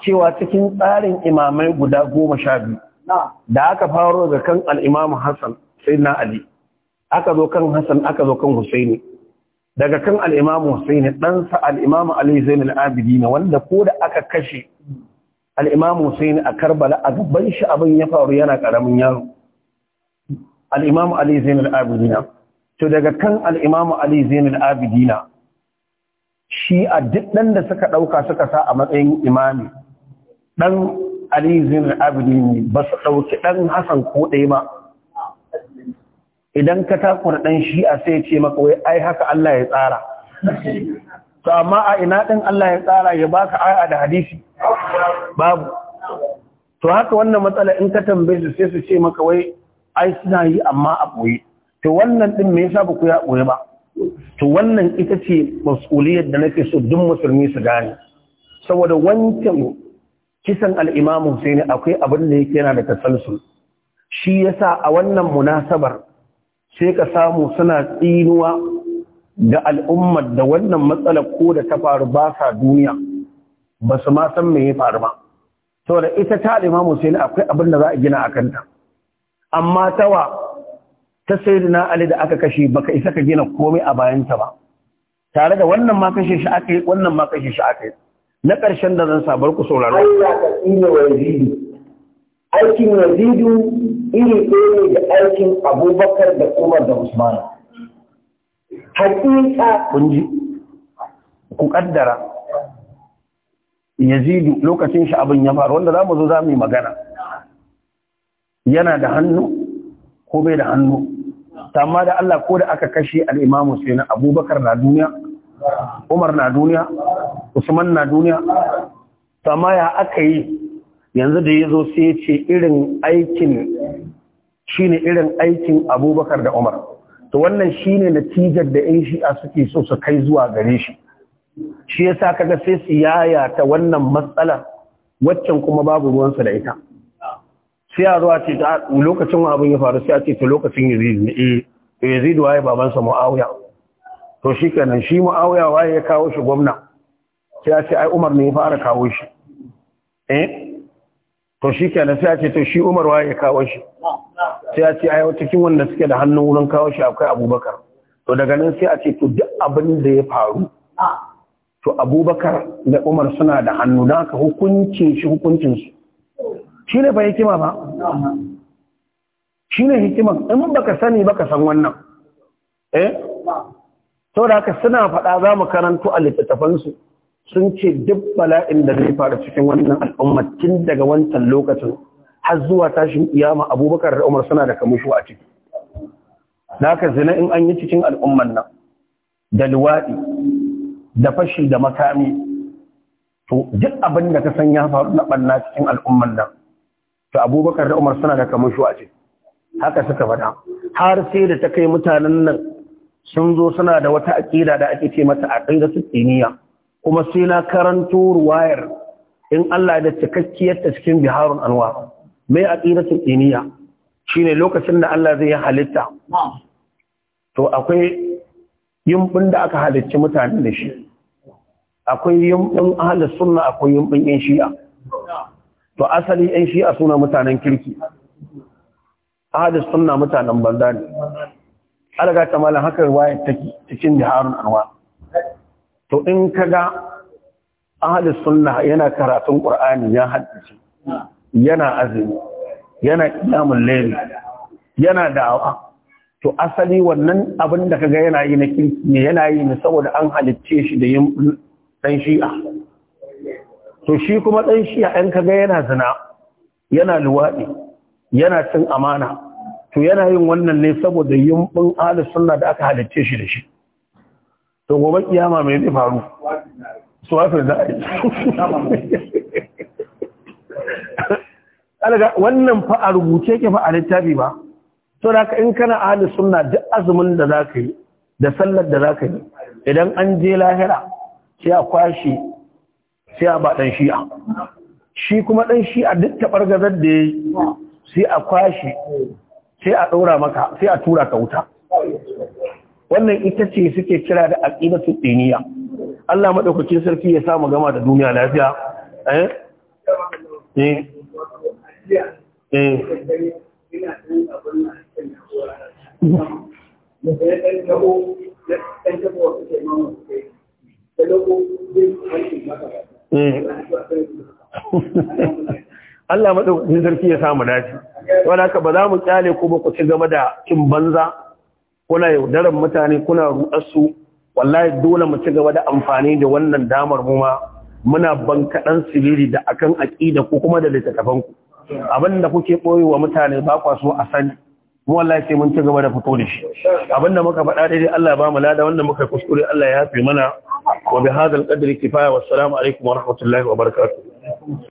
cewa cikin tsarin imamai guda goma sha biyu da aka faro daga kan al'imamu hassan sai na ali aka zo kan hassan aka zo kan Hussaini. daga kan al'imamu Hussein ɗansa al'imamu Ali Zain al'abidi na wanda ko da aka kashe al'imamu Hussein a Karbala a gaban shi abin ya faru yana ƙaramin yaro. Al'imamu Ali Zain al'abidi na. To daga kan al'imamu Ali Zain al'abidi na shi a duk ɗan da suka ɗauka suka sa a matsayin imami ɗan Ali Zain al'abidi ne ba su ɗauki ɗan Hassan ko ɗaya ba. idan ka takura ɗan shi'a sai ce maka wai ai haka Allah ya tsara to amma a ina ɗin Allah ya tsara ya baka aya da hadisi babu to haka wannan matsala in ka tambayi su sai su ce maka wai ai suna yi amma a ɓoye to wannan ɗin me yasa ba ku ya ɓoye ba to wannan ita ce mas'uliyar da nake so duk musulmi su gane saboda wancan kisan al'imamu sai ne akwai abin da yake yana da tasalsul shi yasa a wannan munasabar sai ka samu suna tsinuwa ga al'ummar da wannan matsalar ko da ta faru ba sa duniya ba su ma san me ya faru ba saboda ita ta limamu sai akwai abin da za a gina a kanta amma tawa ta sayyidina Ali da aka kashe baka isa ka gina komai a bayanta ba tare da wannan ma kashe shi aka yi wannan ma kashe shi aka yi na ƙarshen da zan sabar ku sauraro Allah ka aikin yazidu iri ɗaya ne da aikin abubakar da umar da usman hakika kun ku kaddara yazidu lokacin shi abin ya faru wanda za mu zo za mu yi magana yana da hannu ko bai da hannu amma da Allah ko da aka kashe al'imamu sai na abubakar na duniya umar na duniya usman na duniya amma ya aka yi yanzu da ya zo sai ya ce irin aikin shi ne irin aikin abubakar da umar to wannan shi ne natijar da yan shi'a suke so su kai zuwa gare shi shi ya sa kaga sai su yaya ta wannan matsalar waccan kuma babu ruwansu da ita sai a zuwa ce ta ah, lokacin abin ya faru sai a ce ta lokacin yazid ne eh yazid waye babansa muawiya to shi kenan shi muawiya waye ya kawo shi gwamna sai a ce ai umar ne ya fara kawo shi eh to shi kenan sai a ce to shi Umar waye kawo shi sai a ce ai cikin wanda suke da hannun wurin kawo shi akwai Abubakar to daga nan sai a ce to duk abin da ya faru to Abubakar da Umar suna da hannu don haka hukuncin shi hukuncin su shi ne fa hikima ba shi ne hikima in baka sani baka san wannan eh da haka suna faɗa za mu karanto a littattafansu sun ce duk bala'in da zai faru cikin wannan al'umma tun daga wancan lokacin har zuwa tashin iyama, abubakar da umar suna da kamushu a ciki da haka zina in an yi cikin al'umman nan da luwaɗi da fashi da makami to duk abin da ka san ya faru na ɓanna cikin al'umman nan to abubakar da umar suna da kamushu a ciki, haka suka faɗa har sai da ta kai mutanen nan sun zo suna da wata aƙida da ake ce mata a su tsiniya kuma sai na karanto ruwayar in Allah da cikakkiyar ta cikin biharun anwa mai aqidatul iniya shine lokacin da Allah zai halitta to akwai yumbin da aka halicci mutane da shi akwai yumbin ahlus sunna akwai yumbin yan shi'a to asali yan shi'a suna mutanen kirki ahlus sunna mutanen banza ne alaga ta malan haka ruwayar take cikin biharun anwa to in kaga ahlus sunna yana karatun qur'ani ya haddace yana azumi yana qiyamul layl yana da'awa to asali wannan abin da kaga yana yi na kirki ne yana yi ne saboda an halicce shi da yin dan shi'a to shi kuma dan shi'a ka kaga yana zina yana luwaɗi yana cin amana to yana yin wannan ne saboda yumbun ahlus sunna da aka halicce shi da shi to gobe kiyama mai zai faru suwafin za a yi wannan fa a rubuce ke fa a littafi ba to da in kana ahli sunna duk azumin da za ka yi da sallar da za ka yi idan an je lahira sai a kwashi sai a ba ɗan shi'a shi kuma ɗan shi'a duk ta gazar da yayi sai a kwashi sai a ɗora maka sai a tura ka wuta wannan ita ce suke kira da aqidatu diniya Allah madaukakin sarki ya sa mu gama da duniya lafiya eh eh, eh. eh. [laughs] Allah maɗaukakin sarki ya samu dace, wadda ka ba za mu kyale ko ba ku ci gaba da cin banza kuna yaudarar mutane kuna rudarsu wallahi dole mu ci gaba da amfani da wannan damar mu ma muna bankaɗan siriri da akan aƙida ko kuma da littattafan ku abin kuke ɓoyewa mutane ba kwa so a sani mu wallahi sai mun ci gaba da fito da shi abin muka faɗa daidai Allah ya ba mu lada wanda muka kuskure Allah ya yafe mana wa bi hadal qadri kifaya wassalamu alaikum wa rahmatullahi wa barakatuh